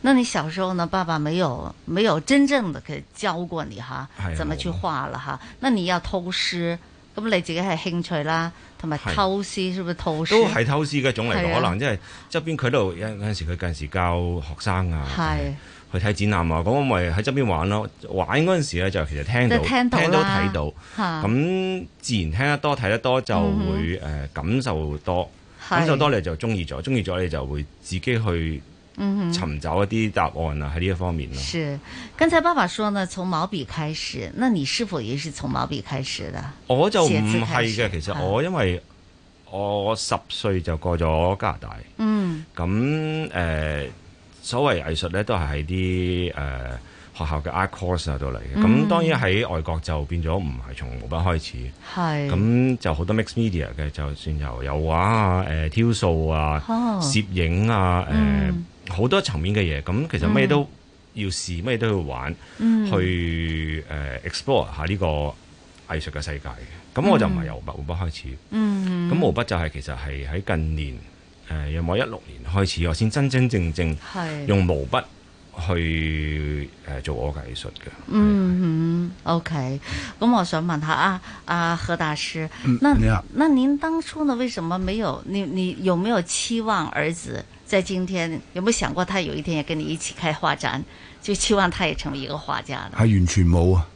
那你小時候呢？爸爸沒有沒有真正嘅教過你哈，啊哎、呦怎麼去畫了哈、啊？那你要偷師，咁你自己係興趣啦，同埋偷師，是咪是是偷師？都係偷師嘅種嚟，可能、啊，即係側邊佢度有嗰陣時，佢近時教學生啊，是去睇展覽啊，咁我咪喺側邊玩咯。玩嗰陣時咧，就其實聽到聽到睇到，咁是自然聽得多睇得多就會誒、嗯哼呃、感受多。咁就多你就中意咗，中意咗你就會自己去尋找一啲答案啦，喺呢一方面。是，剛才爸爸說呢，從毛筆開始，那你是否也是從毛筆開始的？我就唔係嘅，其實我因為我十歲就過咗加拿大。嗯。咁誒、呃，所謂藝術呢，都係喺啲誒。呃學校嘅 art course 度嚟嘅，咁、嗯、當然喺外國就變咗唔係從毛筆開始，咁是就好多 mixed media 嘅，就算由油畫、誒雕塑啊、呃啊哦、攝影啊、誒好、嗯呃、多層面嘅嘢，咁其實咩都要試，咩、嗯、都要玩，嗯、去誒、呃、explore 下呢個藝術嘅世界嘅，咁我就唔係由毛筆開始，咁、嗯、毛筆就係其實係喺近年誒、呃、有冇一六年開始，我先真真正正正用毛筆。是去、呃、做我嘅藝術嘅。Mm hmm. Okay. 嗯，OK。咁我想問下啊，阿何大師，那那您當初呢，為什麼沒有，你你有沒有期望兒子在今天，有冇有想過他有一天也跟你一起開畫展，就期望他也成為一個畫家？係完全冇啊。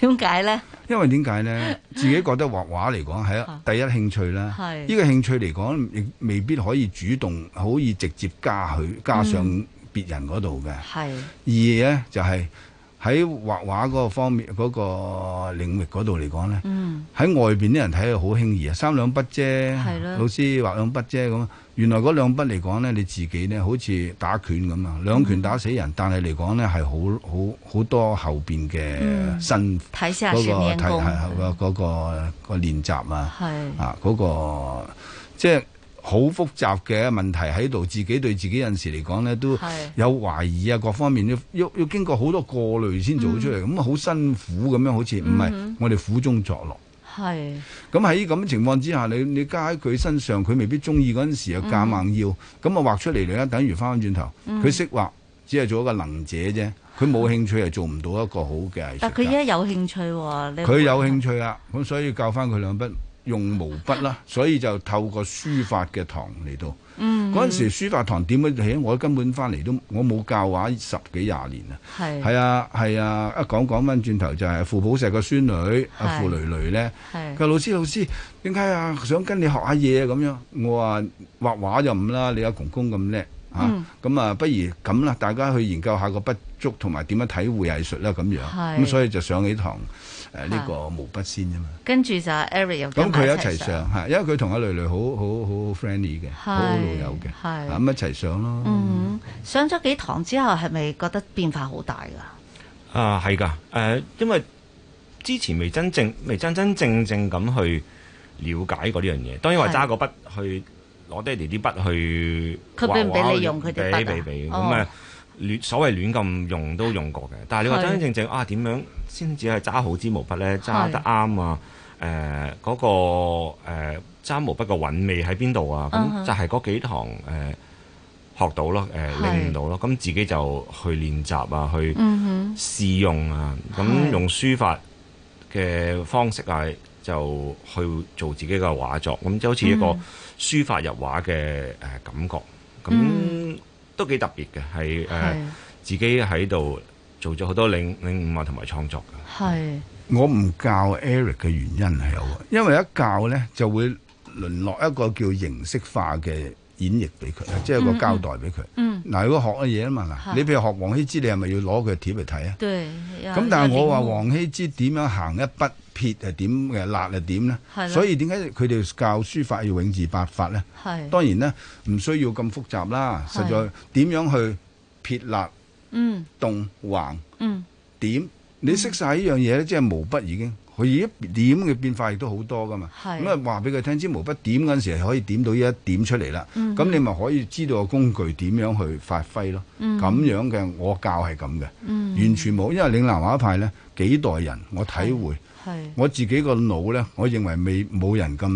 點解呢？因為點解呢？ [laughs] 自己覺得畫畫嚟講係第一興趣呢。呢 [laughs] 的個興趣嚟講，亦未必可以主動，可以直接加佢，加上、嗯。別人嗰度嘅，二咧是就係、是、喺畫畫嗰個方面嗰、那個領域嗰度嚟講咧，喺、嗯、外面啲人睇係好輕易啊，三兩筆啫，的老師畫兩筆啫咁。原來嗰兩筆嚟講咧，你自己咧好似打拳咁啊，兩拳打死人，嗯、但係嚟講咧係好好好多後面嘅身嗰個嗰、那個嗰、那個、那個那個那個練習啊，嗰是、啊那個即係。好複雜嘅問題喺度，自己對自己有陣時嚟講咧，都有懷疑啊，各方面要要經過好多過濾先做出嚟，咁啊好辛苦咁樣，好似唔係我哋苦中作樂。係是。咁喺咁情況之下，你你加喺佢身上，佢未必中意，嗰陣時又夾硬要，咁啊、嗯、畫出嚟嚟咧，等於翻返轉頭，佢識畫，只係做一個能者啫，佢冇興趣係做唔到一個好嘅藝術。但係佢而家有興趣喎、哦，佢、啊、有興趣啊，咁所以教翻佢兩筆。用毛筆啦，所以就透過書法嘅堂嚟到。嗰陣、嗯、哼時書法堂點樣嚟，我根本翻嚟都我冇教畫十幾廿年是是啊。係啊係啊！一講講翻轉頭就係、是、傅寶石個孫女啊傅蕾蕾咧，佢老師老師，點解啊想跟你學下嘢咁樣？我話畫畫就唔啦，你阿公公咁叻嚇，咁、嗯、啊不如咁啦，大家去研究下個筆觸同埋點樣體會藝術啦咁樣。咁是、嗯、所以就上起堂。誒呢、啊這個毛筆先啫嘛，跟住就 Eric 有咁佢一齊上，他一起上，因為佢同阿蕾蕾是好好好 friendly 嘅，好好老友嘅，咁、啊、一齊上咯。嗯、上咗幾堂之後，係咪覺得變化好大噶？啊，係噶，誒、呃，因為之前未真正未真真正正咁去了解過呢樣嘢。當然話揸個筆去攞爹哋啲筆去畫畫，佢俾唔俾你用佢哋筆啊？俾、俾、俾，咁誒、哦，亂所謂亂咁用都用過嘅。但係你話真真正正是啊，點樣？先至係揸好支毛筆咧，揸得啱啊！誒、呃，嗰、那個揸、呃、毛筆嘅韻味喺邊度啊？咁、uh huh. 就係嗰幾堂誒、呃、學到咯，誒、呃、領悟、uh huh. 到咯，咁自己就去練習啊，去試用啊，咁、uh huh. 用書法嘅方式啊，就去做自己嘅畫作。咁就好似一個書法入畫嘅誒感覺，咁、uh huh. 都幾特別嘅，係誒、呃 uh huh. 自己喺度。做咗好多領領悟啊，同埋創作嘅。係是。我唔教 Eric 嘅原因係有，因為一教咧就會淪落一個叫形式化嘅演繹俾佢，嗯、即係一個交代俾佢。嗯。嗱、嗯，如果學嘅嘢啊嘛嗱，是你譬如學王羲之，你係咪要攞佢嘅帖嚟睇啊？對。咁但係我話王羲之點樣行一筆撇係點嘅，捺係點咧？的所以點解佢哋教書法要永字八法咧？係是。當然咧，唔需要咁複雜啦。係是。實在點樣去撇捺。嗯，動橫，橫嗯，點，你識晒呢樣嘢咧，即係毛筆已經，佢一點嘅變化亦都好多㗎嘛。係咁啊，話俾佢聽，支毛筆點嗰陣時候，係可以點到呢一點出嚟啦。咁、嗯、你咪可以知道個工具點樣去發揮咯。咁、嗯、樣嘅我教係咁嘅，嗯、完全冇，因為嶺南畫派咧，幾代人我體會，係我自己個腦咧，我認為未冇人咁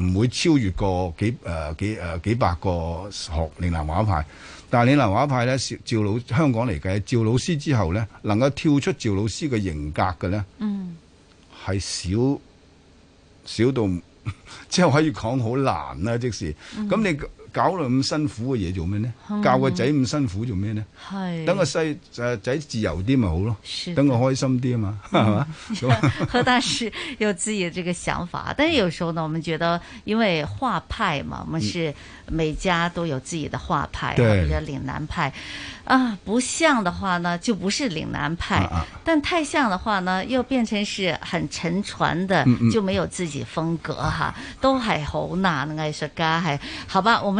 唔會超越過幾誒、呃、幾誒、呃、幾百個學嶺南畫派。但係嶺南畫派咧，趙老香港嚟嘅趙老師之後咧，能夠跳出趙老師嘅型格嘅咧，係、嗯、少少到即係可以講好難啦、啊，即是。咁你。嗯搞嚟咁辛苦嘅嘢做咩呢？教個仔咁辛苦做咩呢？係、嗯，等個細呃仔自由啲咪好咯？等的我開心啲啊嘛，係嘛、嗯？ [laughs] 何大師有自己嘅這個想法，但係有時候呢，我們覺得因為畫派嘛，我們是每家都有自己的畫派、啊，嗯、對比如講嶺南派。啊，不像的話呢，就不是嶺南派；但太像的話呢，又變成是很承傳的，就沒有自己風格哈，都係好難嘅。所以講係，好吧，我們。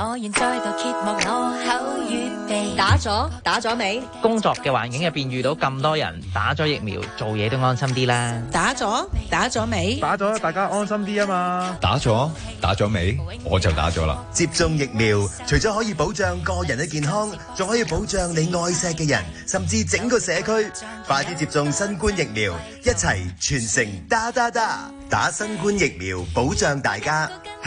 我現在度揭幕我口月地打咗，打咗未？工作嘅環境入邊遇到咁多人，打咗疫苗做嘢都安心啲啦。打咗，打咗未？打咗，大家安心啲啊嘛。打咗，打咗未？我就打咗啦。接種疫苗，除咗可以保障個人嘅健康，仲可以保障你愛錫嘅人，甚至整個社區。快啲接種新冠疫苗，一齊全城。打打打打，打新冠疫苗，保障大家。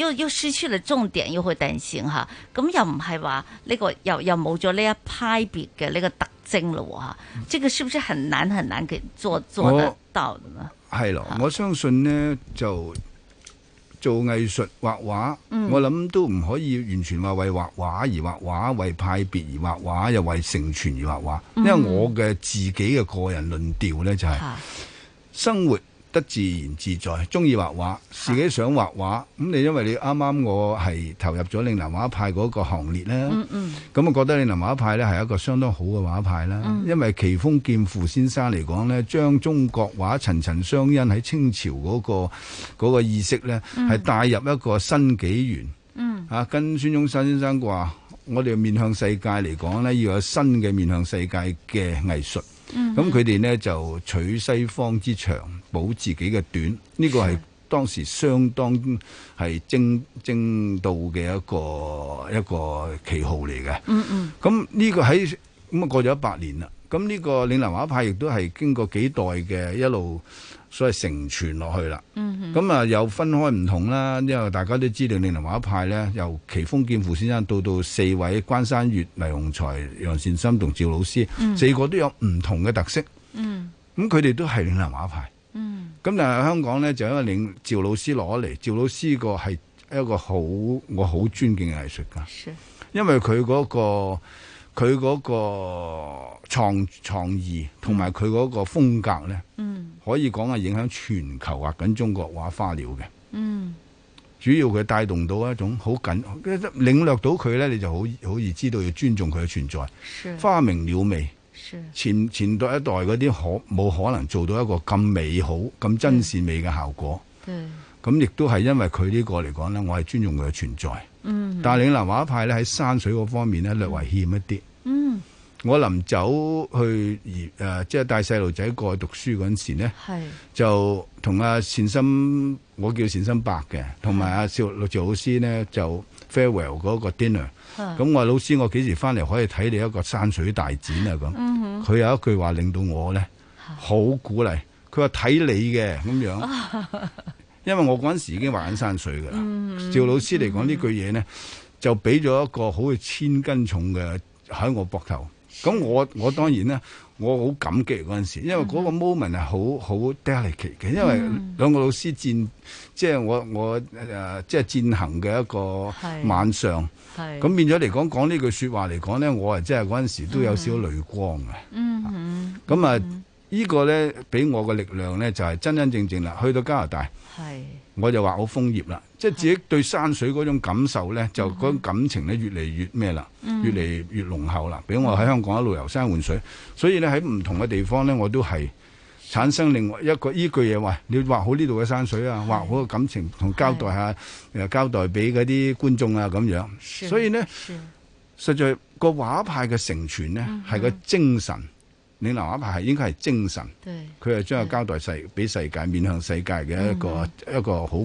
又又失去了重點，要、這個、去定性吓，咁又唔係話呢個又又冇咗呢一派別嘅呢個特徵咯吓，即係、這個、是不是很難很難去做做得到的呢？係咯，啊、我相信呢就做藝術畫畫，畫畫嗯、我諗都唔可以完全話為畫畫而畫畫，為派別而畫畫，又為成全而畫畫，因為我嘅自己嘅個人論調呢就係、是啊、生活。得自然自在，中意畫畫，自己想畫畫。咁你的因為你啱啱我係投入咗嶺南畫派嗰個行列啦。咁我、嗯嗯、覺得嶺南畫派咧係一個相當好嘅畫派啦。嗯、因為奇峰劍父先生嚟講呢將中國畫陳陳相因喺清朝嗰、嗰個嗰個意識呢，係、嗯、帶入一個新紀元。嚇、嗯啊，跟孫中山先生話：我哋面向世界嚟講呢要有新嘅面向世界嘅藝術。咁佢哋呢就取西方之長，補自己嘅短，呢、呢個係當時相當係精精到嘅一個一個旗號嚟嘅、嗯。嗯嗯。咁呢個喺咁啊過咗一百年啦。咁呢個嶺南畫派亦都係經過幾代嘅一路。所以成傳落去啦，咁啊、嗯、哼又分開唔同啦，因為大家都知道嶺南畫派咧，由奇峰劍父先生到到四位關山月、黎雄才、楊善深同趙老師，嗯、四個都有唔同嘅特色。咁佢哋都係嶺南畫派。咁、嗯、但係香港咧就因為領趙老師攞嚟，趙老師個係一個好我好尊敬嘅藝術家，是因為佢嗰、那個。佢嗰個創，創意同埋佢嗰個風格呢，嗯、可以講係影響全球畫緊中國畫花鳥嘅。嗯，主要佢帶動到一種好緊，領略到佢呢，你就好好易知道要尊重佢嘅存在。是花明鳥美，是前前代一代嗰啲可冇可能做到一個咁美好、咁真善美嘅效果。嗯，咁亦都係因為佢呢個嚟講呢，我係尊重佢嘅存在。嗯，但係嶺南畫派咧，喺山水嗰方面咧，略為欠一啲。嗯，我臨走去誒，即係帶細路仔過去讀書嗰陣時咧，就同阿善心，我叫善心伯嘅，同埋阿趙老師咧就 farewell 嗰個 dinner 的。咁我話老師，我幾時翻嚟可以睇你一個山水大展啊？咁，佢有一句話令到我咧好鼓勵，佢話睇你嘅咁樣。 [laughs] 因為我嗰陣時已經玩山水噶啦，趙、嗯、老師嚟講、嗯、呢句嘢呢就俾咗一個好似千斤重嘅喺我膊頭。咁我我當然呢，我好感激嗰陣時，因為嗰個 moment 係好好 delicate 嘅，因為兩個老師戰，即係我我誒即係戰行嘅一個晚上。咁變咗嚟講講呢句説話嚟講呢，我係即係嗰陣時都有少少淚光嘅。咁、嗯、啊～呢個呢，俾我嘅力量呢，就係、是、真真正正啦，去到加拿大，是我就畫好楓葉啦，是即係自己對山水嗰種感受呢，是就嗰種感情呢，越嚟越咩啦，嗯、越嚟越濃厚啦。俾我喺香港一路遊山玩水，所以呢，喺唔同嘅地方呢，我都係產生另外一個依句嘢話，你畫好呢度嘅山水啊，畫是好個感情同交代下誒是、呃，交代俾嗰啲觀眾啊咁樣。是所以是呢，實在個畫派嘅承傳呢，係個精神。嶺南畫派係應該係精神，佢係將個交代世俾世界、面向世界嘅一個一個好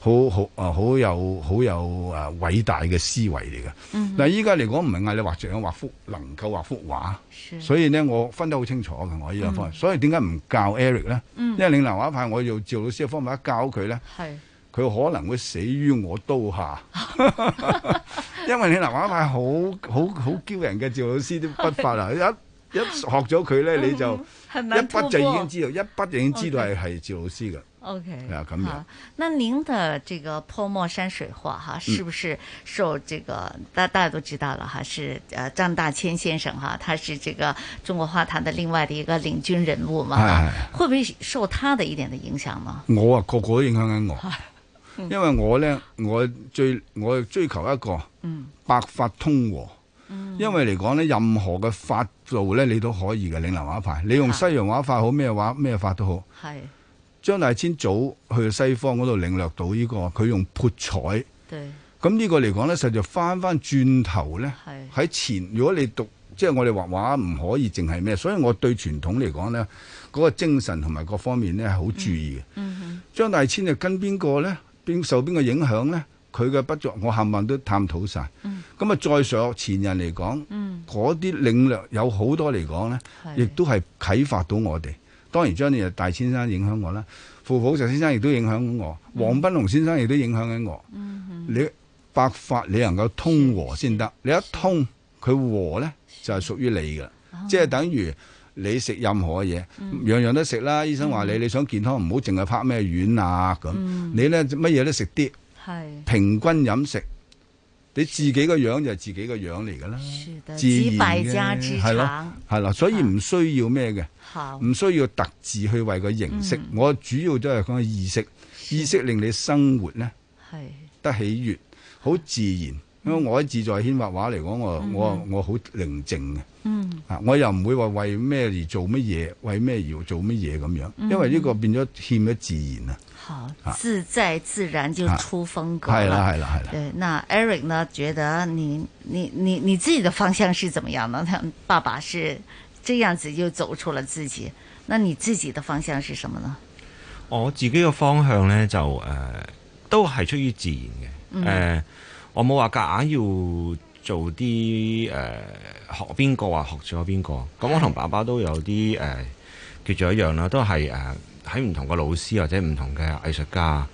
好好啊好有好有啊偉大嘅思維嚟噶。但係，依家嚟講唔係嗌你畫像畫幅，能夠畫幅畫，所以呢，我分得好清楚嘅我呢個方法，所以點解唔教 Eric 咧？因為嶺南畫派我用趙老師嘅方法一教佢咧，佢可能會死於我刀下，因為你嶺南畫派好好好驕人嘅趙老師啲筆法啊一。一學咗佢咧，你就一筆就已經知道，一筆就已經知道係趙老師嘅。O K，咁樣。嗯、那您的這個潑墨山水畫哈，是不是受這個大大家都知道了哈？是誒張大千先生哈，他是這個中國畫壇的另外的一個領軍人物嘛？係係係。會唔會受他的一點的影響呢？我啊個個都影響緊我，因為我咧，我最我追求一個嗯百發通和。因為嚟講咧，任何嘅法作咧，你都可以嘅嶺南畫派，你用西洋畫法好，咩畫咩法都好。係的張大千早去西方嗰度領略到呢、這個，佢用潑彩。對，咁呢個嚟講咧，實際翻翻轉頭咧，喺前如果你讀，即係我哋畫畫唔可以淨係咩，所以我對傳統嚟講咧，嗰、那個精神同埋各方面咧，係好注意嘅。嗯嗯、張大千就跟邊個咧？邊受邊個影響咧？佢嘅不足，我冚唪唥都探討晒。咁啊、嗯，再上前人嚟講，嗰啲、嗯、領略有好多嚟講咧，是亦都係啟發到我哋。當然，張日大先生影響我啦，傅抱、嗯、石先生亦都影響我，嗯、黃賓虹先生亦都影響緊我。嗯嗯、你百法你能夠通和先得，你一通佢和咧就係、是、屬於你噶，哦、即係等於你食任何嘅嘢，樣樣都食啦。嗯、醫生話你你想健康，唔好淨係拍咩丸啊咁，嗯、你咧乜嘢都食啲。平均飲食，你自己個樣就係自己個樣嚟㗎啦，的自然嘅係咯，係啦，所以唔需要咩嘅，唔、啊、需要特自去為個形式。嗯、我主要都係講個意識，的意識令你生活咧，得喜悅，好的自然。嗯、因為我喺自在軒畫畫嚟講，我、嗯、我我好寧靜嘅。嗯，啊，我又唔會話為咩而做乜嘢，為咩而做乜嘢咁樣，因為呢個變咗欠咗自然啊。好，自在自然就出風格了。係啦係啦係啦。對，那 Eric 呢？覺得你你你你自己的方向是怎麼樣呢？爸爸是這樣子就走出了自己，那你自己的方向是什麼呢？我自己嘅方向呢，就誒、呃，都係出於自然嘅。誒、嗯呃，我冇話夾硬要。做啲誒學邊個啊？學咗邊個？咁、嗯、我同爸爸都有啲誒叫做一樣啦，都係誒喺唔同嘅老師或者唔同嘅藝術家，誒、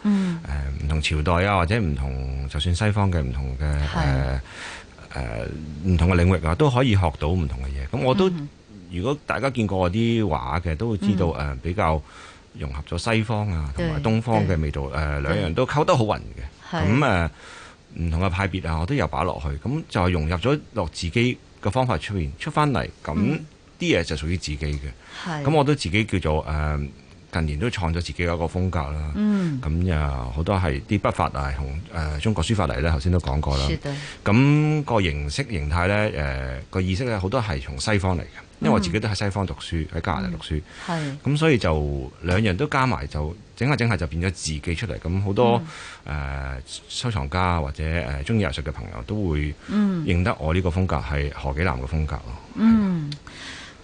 呃、唔同朝代啊，或者唔同就算西方嘅唔同嘅誒誒唔同嘅領域啊，都可以學到唔同嘅嘢。咁我都如果大家見過我啲畫嘅，都會知道誒、嗯嗯、比較融合咗西方啊同埋東方嘅味道，誒兩樣都溝得好混嘅。咁誒。唔同嘅派別啊，我都有擺落去，咁就係融入咗落自己嘅方法出面出翻嚟，咁啲嘢就屬於自己嘅。咁、嗯、我都自己叫做誒、呃、近年都創咗自己一個風格啦。咁又好多係啲筆法啊，同誒、呃、中國書法嚟呢，頭先都講過啦。咁的個形式形態呢，誒、呃、個意識呢，好多係從西方嚟嘅。因為我自己都喺西方讀書，喺、嗯、加拿大讀書，咁、嗯嗯、所以就兩樣都加埋，就整下整下就變咗自己出嚟，咁好多誒、嗯呃、收藏家或者誒中意藝術嘅朋友都會認得我呢個風格係何紀嵐嘅風格咯。嗯是嗯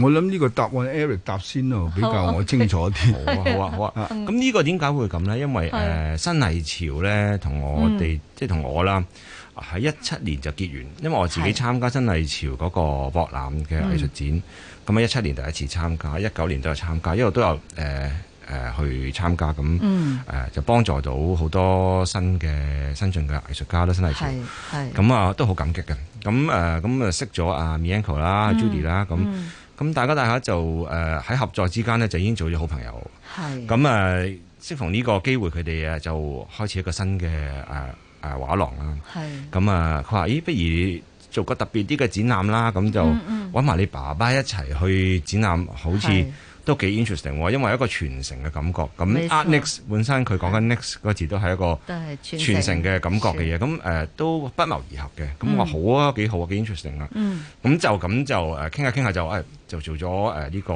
我諗呢個答案 Eric 先答先咯，比較我清楚啲。好啊，好啊，好啊。咁呢個點解會咁呢？因為誒的、呃、新藝潮呢，同我哋、嗯、即係同我啦，喺一七年就結緣，因為我自己參加新藝潮嗰個博覽嘅藝術展。咁喺一七年第一次參加，加，一九年都有參、呃呃、加，一路都有誒誒去參加。咁誒、嗯呃、就幫助到好多新嘅新進嘅藝術家啦，新藝潮咁啊都好感激嘅。咁誒咁啊識咗啊 Mianco 啦，Judy 啦咁。咁大家大家就誒喺、呃、合作之間咧，就已經做咗好朋友。係是。咁啊，適逢呢個機會，佢哋啊，就開始一個新嘅誒誒畫廊啦。係、呃。咁、呃、啊，佢話是：咦，不如做個特別啲嘅展覽啦。咁就搵埋你爸爸一齊去展覽，好似。都幾 interesting 喎，因為是一個傳承嘅感覺。咁 Art Next 本身佢講緊 Next 嗰個字都係一個傳承嘅感覺嘅嘢。咁誒都、呃、都不謀而合嘅。咁話、嗯、好啊，幾好啊，幾 interesting 啦。咁就咁就誒傾下傾下就誒、哎、就做咗誒呢個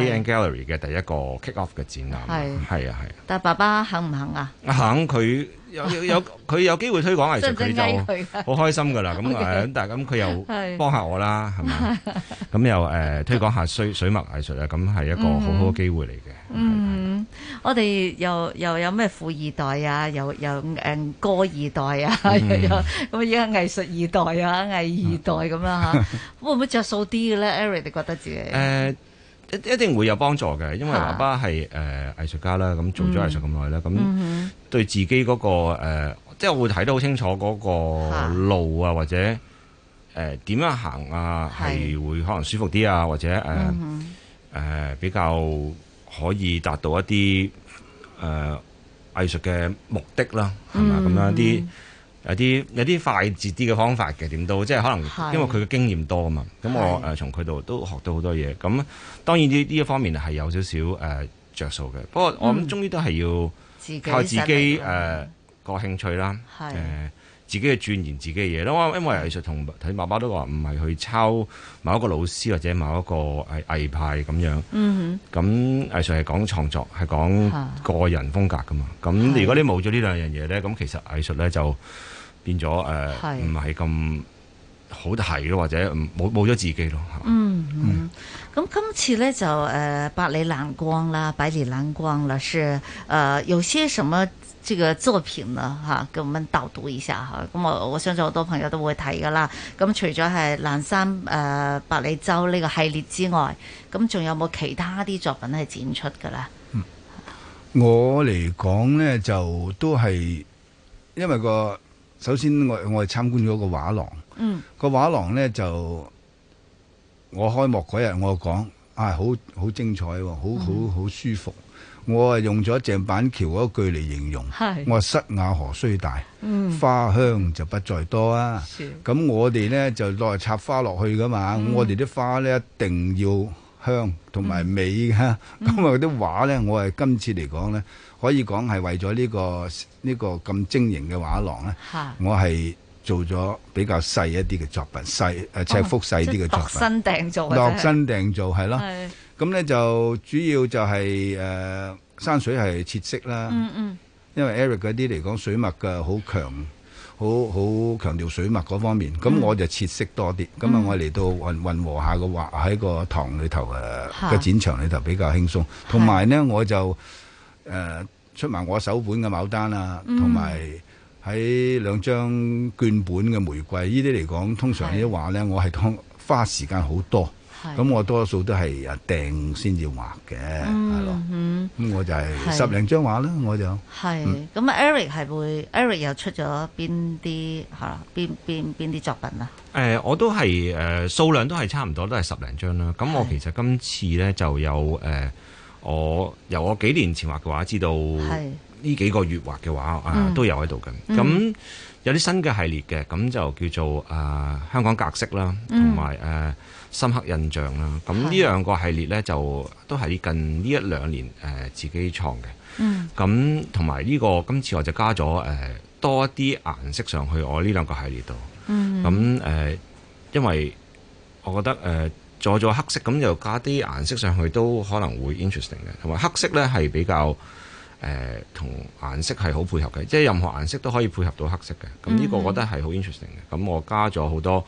A N Gallery 嘅第一個 Kick Off 嘅展覽。係係啊係啊。但爸爸肯唔肯啊？肯佢。 [laughs] 有有佢有機會推廣藝術，佢就好開心㗎喇。咁誒，但係咁佢又幫下我啦，係咪 [laughs] ？咁又誒、呃、推廣下水水墨藝術啊！咁係一個好好嘅機會嚟嘅。嗯、mm，hmm. 的我哋又又有咩富二代啊？又有誒歌二代啊？又有咁而家藝術二代啊、藝二代咁啦嚇， [laughs] 會唔會着數啲嘅咧？Eric，你覺得自己？呃一定會有幫助嘅，因為爸爸係誒、呃、藝術家啦，咁做咗藝術咁耐啦，咁、嗯、對自己嗰、嗰個、呃、即係我會睇得好清楚嗰個路啊，或者誒點、呃、樣行啊，係是會可能舒服啲啊，或者誒誒、呃嗯哼呃、比較可以達到一啲誒、呃、藝術嘅目的啦，係咪咁樣啲？嗯有啲有啲快捷啲嘅方法嘅，點都，即係可能因為佢嘅經驗多啊嘛，咁是我誒從佢度都學到好多嘢。咁當然呢呢一方面係有少少誒著數嘅。不過我諗，終於都係要靠自己誒、呃、個興趣啦，誒是、呃、自己去鑽研自己嘅嘢咯。因為藝術同睇爸爸都話唔係去抄某一個老師或者某一個誒藝，藝派咁樣。咁、嗯、哼藝術係講創作，係講個人風格噶嘛。咁是如果你冇咗呢兩樣嘢咧，咁其實藝術咧就～變咗誒，唔係咁好睇咯，或者冇冇咗自己咯，嗯嗯，咁、嗯、今、嗯、次咧就誒、呃、百里藍光啦，百里藍光啦，是誒、呃、有些什麼這個作品呢？嚇、啊，給我們導讀一下。咁我我相信好多朋友都會睇㗎啦。咁除咗係南山誒、呃、百里洲呢個系列之外，咁仲有冇其他啲作品係展出㗎咧、嗯？我嚟講呢，就都係因為個。首先我我係參觀咗個畫廊，個畫、嗯、廊咧就我開幕嗰日我講啊好好精彩喎，好好好舒服。我係用咗鄭板橋嗰句嚟形容，是我話室雅何須大，嗯、花香就不在多啊。咁是我哋咧就攞嚟插花落去噶嘛，嗯、我哋啲花咧一定要香同埋美嘅。咁啊啲畫咧，我係今次嚟講咧，可以講係為咗呢、這個。呢個咁精緻嘅畫廊咧，我係做咗比較細一啲嘅作品，細誒尺幅細啲嘅作品。量身訂做。量身訂做係咯。咁咧就主要就係誒山水係設色啦。嗯嗯。因為 Eric 嗰啲嚟講水墨嘅好強，好好強調水墨嗰方面。咁我就設色多啲。咁啊，我嚟到混混和下個畫喺個堂裏頭嘅展場裏頭比較輕鬆。同埋咧，我就誒。出埋我手本嘅牡丹啊，同埋喺兩張卷本嘅玫瑰，呢啲嚟講，通常呢啲畫咧，我係當花時間好多，咁是我多數都係啊訂先至畫嘅，係、嗯、咯，咁我就係十零張畫啦，我就。係。咁 Eric 係會，Eric 又出咗邊啲嚇？邊邊邊啲作品啊？誒、呃，我都係誒、呃、數量都係差唔多，都係十零張啦。咁是我其實今次咧就有誒。呃我由我幾年前畫嘅畫，知道呢幾個月畫嘅畫啊，都有喺度嘅。咁有啲新嘅系列嘅，咁就叫做啊、呃、香港格式啦，同埋誒深刻印象啦。咁呢兩個系列呢，就都係近呢一兩年誒、呃、自己創嘅。咁同埋呢個今次我就加咗誒、呃、多一啲顏色上去我呢兩個系列度。咁誒、嗯呃，因為我覺得誒。呃再做，做黑色咁又加啲顏色上去都可能會 interesting 嘅，同埋黑色呢係比較誒同、呃、顏色係好配合嘅，即係任何顏色都可以配合到黑色嘅。咁呢個我覺得係好 interesting 嘅。咁我加咗好多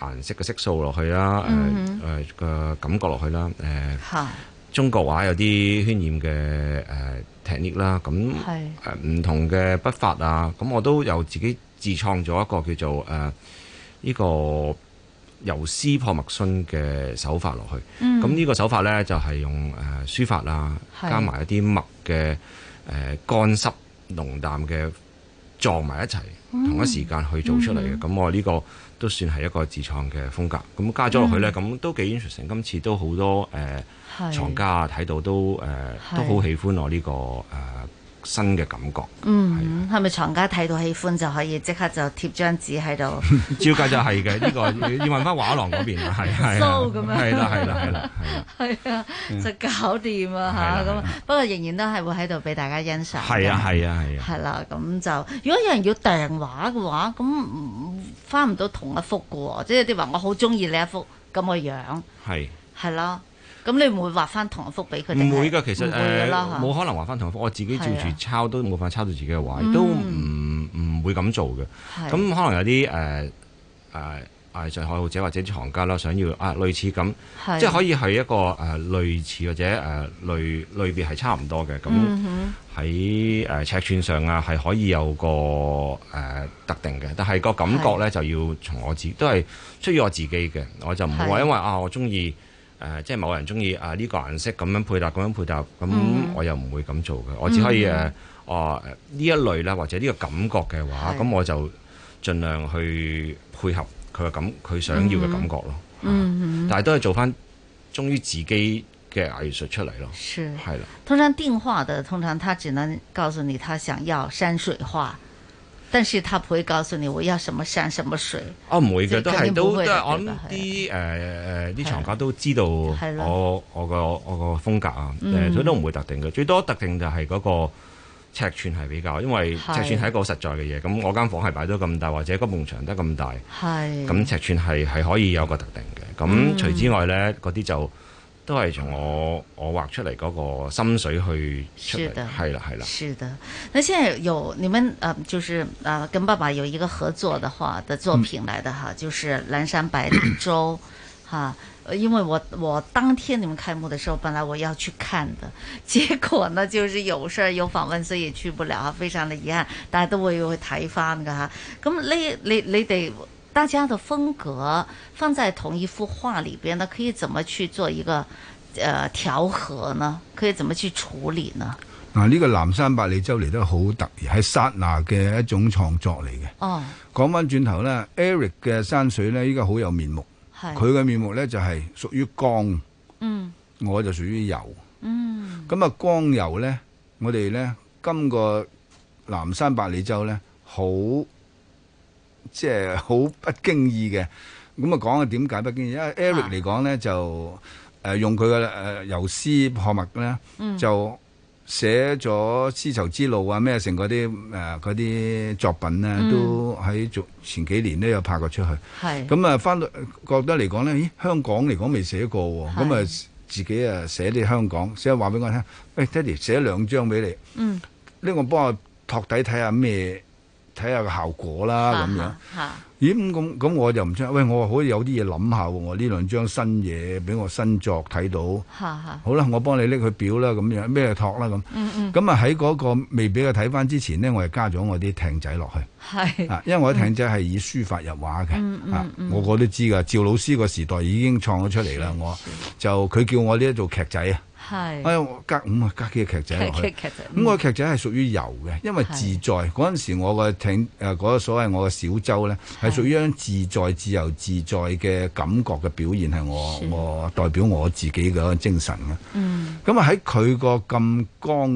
顏色嘅色素落去啦，誒誒嘅感覺落去啦，誒、呃、是中國畫有啲渲染嘅誒 technique 啦，咁誒唔同嘅筆法啊，咁我都有自己自創咗一個叫做誒呢、呃這個。由絲破墨皴嘅手法落去，咁呢、嗯、個手法呢，就係、是、用誒、呃、書法啊，是加埋一啲墨嘅誒乾濕濃淡嘅撞埋一齊，嗯、同一時間去做出嚟嘅。咁、嗯、我呢個都算係一個自創嘅風格。咁加咗落去呢，咁、嗯、都幾 interesting。今次都好多誒藏、呃、是家睇到都誒、呃、是都好喜歡我呢、這個誒。呃新嘅感覺，嗯，係咪藏家睇到喜歡就可以即刻就貼張紙喺度？照計就係嘅，呢個要問翻畫廊嗰邊啦，係咁樣，係啦，係啦，係啦，係啊，就搞掂啊嚇，咁不過仍然都係會喺度俾大家欣賞，係啊，係啊，係啊，係啦，咁就如果有人要訂畫嘅話，咁翻唔到同一幅嘅喎，即係啲話我好中意呢一幅咁嘅樣，係，係囉。咁、嗯、你唔會畫翻同一幅俾佢？唔會噶，其實冇、啊、可能畫翻同一幅。我自己照住抄都冇法抄到自己嘅畫，啊、都唔唔會咁做嘅。咁、啊、可能有啲誒誒藝術愛好者或者藏家啦，想要啊，類似咁，啊、即係可以係一個誒類似或者誒類、呃、類別係差唔多嘅。咁喺誒尺寸上啊，係可以有個誒、啊、特定嘅，但係個感覺咧就要從我自都係出於我自己嘅、啊呃，我就唔會因為啊，我中意。誒、呃，即係某人中意啊呢、這個顏色咁樣配搭，咁樣配搭，咁我又唔會咁做嘅。嗯、我只可以誒，哦、呃、呢一類啦，或者呢個感覺嘅話，咁、嗯、我就盡量去配合佢嘅感，佢想要嘅感覺咯。嗯嗯嗯啊、但係都係做翻忠於自己嘅藝術出嚟咯。是。係啦。通常定畫的，通常他只能告訴你，他想要山水畫，但是他唔會告訴你我要什麼山什麼水。哦唔會嘅，都係都都係我啲誒誒啲藏家都知道我我個我個風格啊，誒所以都唔會特定嘅，最多特定就係嗰個尺寸係比較，因為尺寸係一個好實在嘅嘢。咁我間房係擺到咁大，或者個夢牆得咁大，係咁尺寸係係可以有個特定嘅。咁除之外咧，嗰啲就。都係從我我畫出嚟嗰個心水去出嚟，係啦係啦。是的，那現在有你們誒、呃，就是誒、啊、跟爸爸有一個合作的話的作品來的哈，嗯、就是《南山百里洲》哈、 [coughs] 啊，因為我我當天你們開幕的時候，本來我要去看的，結果呢就是有事有訪問，所以也去不了，非常的遺憾。大家都會會睇返噶哈，咁、啊、你你你哋。大家的風格放在同一幅畫裏邊，呢可以怎麼去做一個，呃，調和呢？可以怎麼去處理呢？嗱、啊、呢、這個南山百里洲嚟得好特別係剎那嘅一種創作嚟嘅。哦。講返轉頭咧，Eric 嘅山水呢依家好有面目。係的。佢嘅面目呢就係屬於江。嗯。我就屬於油。嗯。咁啊，光油呢我哋呢，今個南山百里洲呢好。即係好不經意嘅，咁啊講啊點解不經意？因為 Eric 嚟講咧就誒用佢嘅誒游絲學物咧，就寫咗絲綢之路啊咩成嗰啲誒嗰啲作品咧，都喺做前幾年都有拍過出去。係咁啊，翻到覺得嚟講咧，咦香港嚟講未寫過喎？咁啊自己啊寫啲香港，先話俾我聽。誒，爹哋寫兩張俾你，嗯，呢個幫我託底睇下咩？睇下個效果啦，咁、啊、樣。啊、咦咁咁咁，我就唔出。喂，我好似有啲嘢諗下喎。我呢兩張新嘢俾我新作睇到。啊、好啦，我幫你拎佢表啦，咁樣咩托啦咁。咁啊喺嗰個未俾佢睇翻之前呢，我又加咗我啲艇仔落去。係是。因為我啲艇仔係以書法入畫嘅。我個都知噶，趙老師個時代已經創咗出嚟啦。嗯嗯、我就佢叫我呢做劇仔啊。係，誒是、哎、加五啊、嗯，加幾隻劇仔落去。咁我劇，劇，劇，劇、嗯、劇仔係屬於遊嘅，因為自在嗰陣是時候我的，我、呃那個艇誒嗰所謂我個小舟咧，係屬於一種自在、自由、自在嘅感覺嘅表現，係我我代表我自己嘅精神嘅。咁啊喺佢個咁剛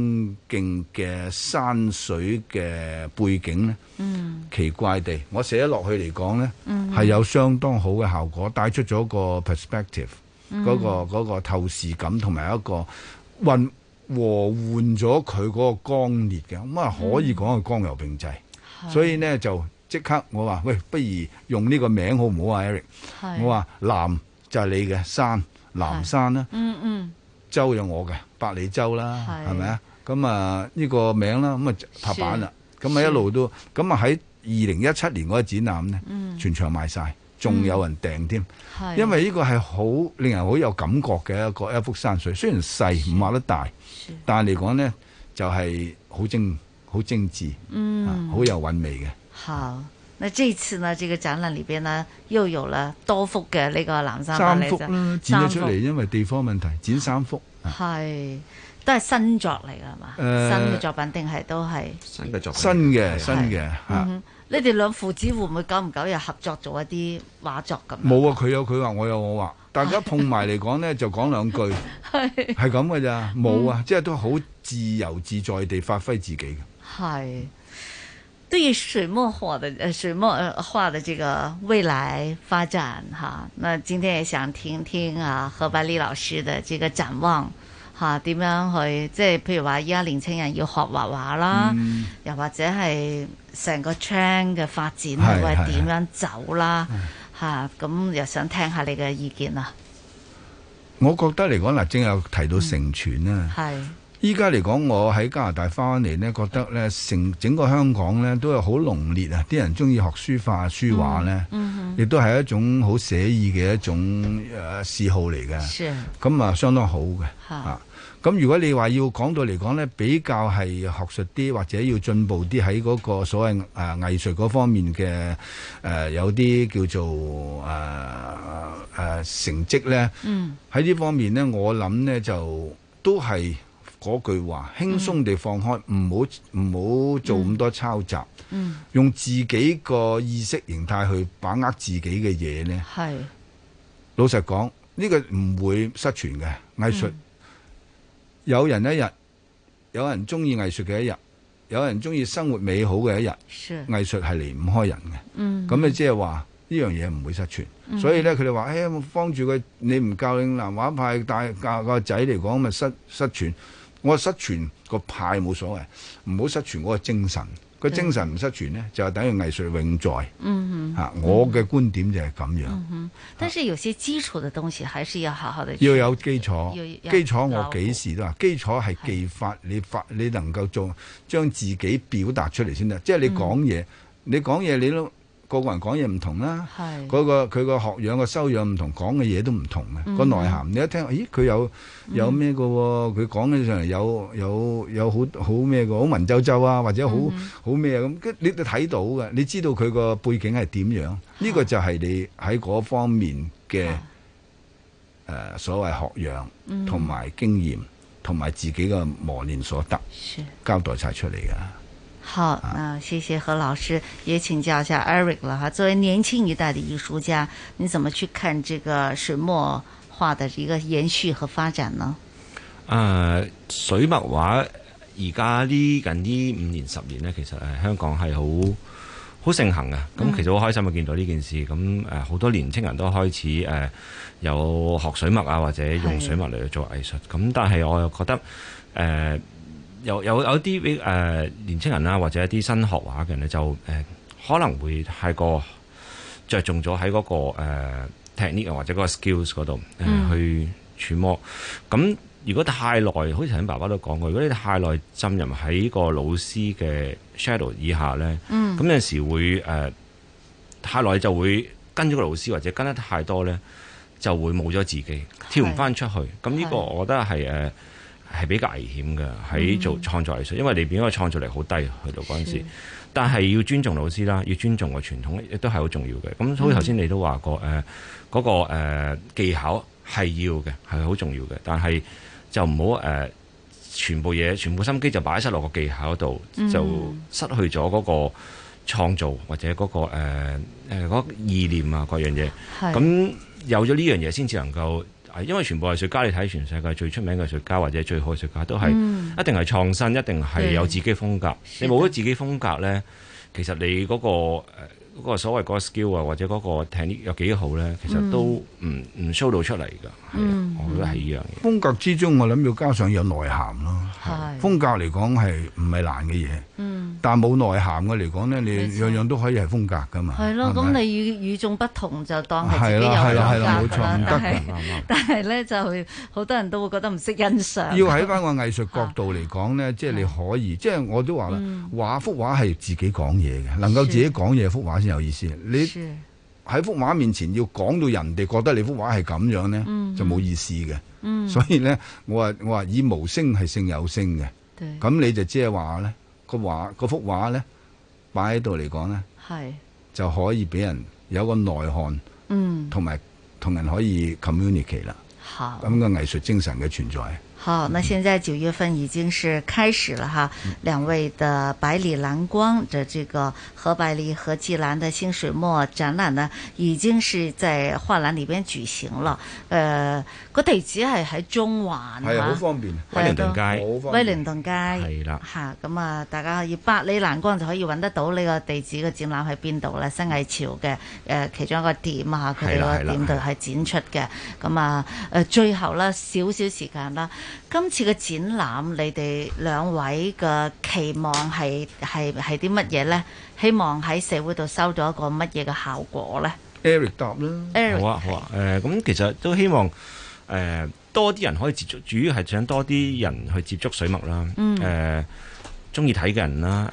勁嘅山水嘅背景咧，嗯，奇怪地，我寫得落去嚟講咧，嗯，係有相當好嘅效果，帶出咗個 perspective。嗰個透視感同埋一個混和換咗佢嗰個光烈嘅，咁啊可以講係光油並濟，所以呢，就即刻我話，喂，不如用呢個名好唔好啊？Eric，我話嵐就係你嘅山嵐山啦，嗯嗯，洲有我嘅百里洲啦，係咪啊？咁啊呢個名啦，咁啊拍板啦，咁啊一路都，咁啊喺二零一七年嗰個展覽咧，全場賣晒。仲有人訂添，因為呢個係好令人好有感覺嘅一個一幅山水，雖然細唔畫得大，是的但係嚟講呢就係、是、好精好精緻，嗯，好、啊、有韻味嘅。好，呢次呢，這個展覽裏邊呢，又有了多幅嘅呢個南山。三幅啦、啊，展咗出嚟，幅因為地方問題，剪三幅。係、啊，都係新作嚟㗎嘛？呃、新嘅作品定係都係新嘅作品，新嘅新嘅，嚇是。嗯你哋兩父子會唔會久唔久又合作做一啲畫作咁？冇啊，佢有佢、啊、畫，我有我畫，大家碰埋嚟講呢， [laughs] 就講兩句，係係咁嘅咋，冇啊，嗯、即係都好自由自在地發揮自己。係，對於水墨畫嘅水墨畫嘅這個未來發展哈，那今天也想聽聽啊何百里老師嘅這個展望。嚇點、啊、樣去？即係譬如話，依家年青人要學畫畫啦，嗯、又或者係成個 trend 嘅發展會點樣走啦？嚇咁、啊、又想聽下你嘅意見啊。我覺得嚟講嗱，正有提到成傳啊。係、嗯。依家嚟講，我喺加拿大翻嚟呢，覺得咧成整個香港咧都有好濃烈啊！啲人中意學書法、書畫咧，亦都係一種好寫意嘅一種誒嗜好嚟嘅。咁啊的，相當好嘅嚇。咁如果你話要講到嚟講呢，比較係學術啲，或者要進步啲喺嗰個所謂誒藝術嗰方面嘅誒、呃、有啲叫做誒誒、呃呃、成績呢，喺呢、嗯、方面呢，我諗呢就都係嗰句話，輕鬆地放開，唔好唔好做咁多抄襲，嗯嗯、用自己個意識形態去把握自己嘅嘢呢係，是老實講呢、呢個唔會失傳嘅藝術。藝術嗯有人一日，有人中意藝術嘅一日，有人中意生活美好嘅一日，是藝術係離唔開人嘅。咁你即係話呢樣嘢唔會失傳。嗯、所以咧，佢哋話，誒、哎，幫住佢，你唔教嶺南畫派，但係教個仔嚟講，咪失失傳。我失傳個派冇所謂，唔好失傳嗰個精神。個精神唔失傳咧，就係等於藝術永在。嗯嗯哼，吓、啊，我嘅觀點就係咁樣、嗯。但是有些基礎的東西，還是要好好的。要有基礎，基礎我幾時都話，基礎係技法，你發的你能夠做，將自己表達出嚟先得。即、就、係、是、你講嘢，嗯、你講嘢你都。個個人講嘢唔同啦，嗰個佢個學養個修養唔同，講嘅嘢都唔同啊。個內涵你一聽，咦佢有有咩嘅、啊？佢講起上嚟有有有好好咩嘅、啊，好文縐縐啊，或者好、嗯、好咩啊咁。你都睇到嘅，你知道佢個背景係點樣？呢、啊、個就係你喺嗰方面嘅誒、啊呃、所謂學養同埋、嗯、經驗，同埋自己嘅磨練所得，是交代晒出嚟噶。好，那謝謝何老師，也請教一下 Eric 啦，哈，作為年輕一代的藝術家，你怎麼去看這個水墨畫的一個延續和發展呢？誒、呃，水墨畫而家呢近呢五年十年呢，其實誒香港係好好盛行噶，咁其實我開心啊見到呢件事，咁誒好多年輕人都開始誒、呃、有學水墨啊，或者用水墨嚟去做藝術，咁的但係我又覺得誒。呃有有有啲誒年青人啊，或者一啲新學畫嘅人咧，就誒、呃、可能會太過着重咗喺嗰個 technique、呃、或者嗰個 skills 嗰度去揣摩，咁、嗯、如果太耐，好似頭先爸爸都講過，如果你太耐浸入喺個老師嘅 shadow 以下咧，嗯那，咁有陣時會誒太耐就會跟咗個老師，或者跟得太多咧，就會冇咗自己，是 跳唔翻出去。咁呢是 個我覺得係誒。是係比較危險嘅，喺做創作藝術，因為你變咗創造力好低，去到嗰陣時。是的但係要尊重老師啦，要尊重個傳統，亦都係好重要嘅。咁所以頭先你都話過，誒嗰、嗯呃嗰個、呃、技巧係要嘅，係好重要嘅。但係就唔好誒全部嘢、全部心機就擺失落個技巧度，嗯、就失去咗嗰個創造或者嗰、嗰個誒誒、呃嗰個、意念啊各樣嘢。咁的有咗呢樣嘢先至能夠。因為全部藝術家你睇全世界最出名嘅藝術家或者最好嘅藝術家都係、嗯、一定係創新，一定係有自己風格。係你冇咗自己風格咧，係其實你嗰個嗰個所謂嗰個 skill 啊或者嗰個 technique 有幾好咧，其實都唔唔 show 到出嚟㗎。係啊，我覺得係依樣嘢。風格之中，我諗要加上有內涵咯。係係風格嚟講係唔係難嘅嘢。但冇內涵嘅嚟講呢，你樣樣都可以係風格噶嘛？係咯，咁你與與眾不同就當係自己有有價值啦。係嘛？但係呢，就好多人都會覺得唔識欣賞。要喺翻個藝術角度嚟講呢，即係你可以，即係我都話啦，畫幅畫係自己講嘢嘅，能夠自己講嘢幅畫先有意思。你喺幅畫面前要講到人哋覺得你幅畫係咁樣呢，就冇意思嘅。所以呢，我話我話以無聲係勝有聲嘅。對，咁你就即係話呢。個畫幅畫咧，擺喺度嚟講咧，是就可以俾人有個內涵，嗯，同埋同人可以 communicate 啦吓，咁嘅藝術精神嘅存在。好，那現在九月份已經是開始了哈，嗯、兩位的百里藍光的這個何百里和紀嵐的新水墨展覽呢，已經是在畫廊裏邊舉行了。誒、呃，個地址係喺中環嘛？係啊，好、哎、方便，威靈頓街，威靈頓街係啦。吓，咁的啊，啊，大家可以百里藍光就可以揾得到呢個地址嘅展覽喺邊度咧？新藝潮嘅誒、呃、其中一個點啊，佢哋個點度係展出嘅。咁啊，誒，最後啦，少少時間啦。今次嘅展覽，你哋兩位嘅期望係係係啲乜嘢咧？希望喺社會度收到一個乜嘢嘅效果咧？Eric 答啦，好啊好啊。誒，咁其實都希望誒多啲人可以接觸，主要係想多啲人去接觸水墨啦。嗯。誒，鍾意睇嘅人啦，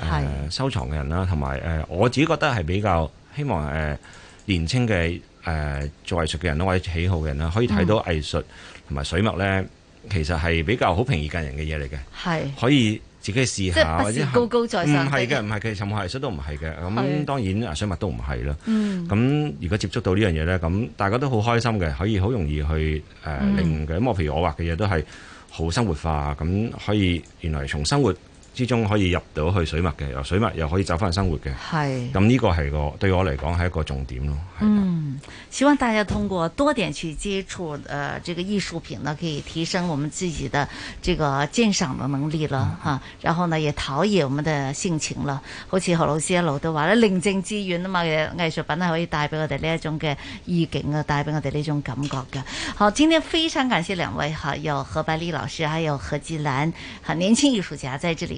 誒收藏嘅人啦，同埋誒我自己覺得係比較希望誒年輕嘅誒做藝術嘅人或者喜好嘅人啦，可以睇到藝術同埋水墨咧。其實係比較好平易近人嘅嘢嚟嘅，係是可以自己試下，或者高高在上唔係嘅，唔係嘅，任何藝術都唔係嘅。咁的當然啊，水墨都唔係啦。咁如果接觸到呢樣嘢咧，咁大家都好開心嘅，可以好容易去誒、呃、的領嘅。咁我譬如我畫嘅嘢都係好生活化，咁可以原來從生活之中可以入到去水墨嘅，由水墨又可以走翻生活嘅。係咁呢個係個對我嚟講係一個重點咯。嗯，希望、嗯，大家通過多點去接觸誒、呃，這個藝術品呢，可以提升我們自己的這個鑑賞的能力啦，吓、嗯啊，然後呢，也陶冶我們的性情啦。好似何老師一路都話咧，寧靜致遠啊嘛。藝術品係可以帶俾我哋呢一種嘅意境啊，帶俾我哋呢種感覺嘅。好，今天非常感謝兩位哈，有何百里老師，還有何紀嵐好年輕藝術家，在這裏。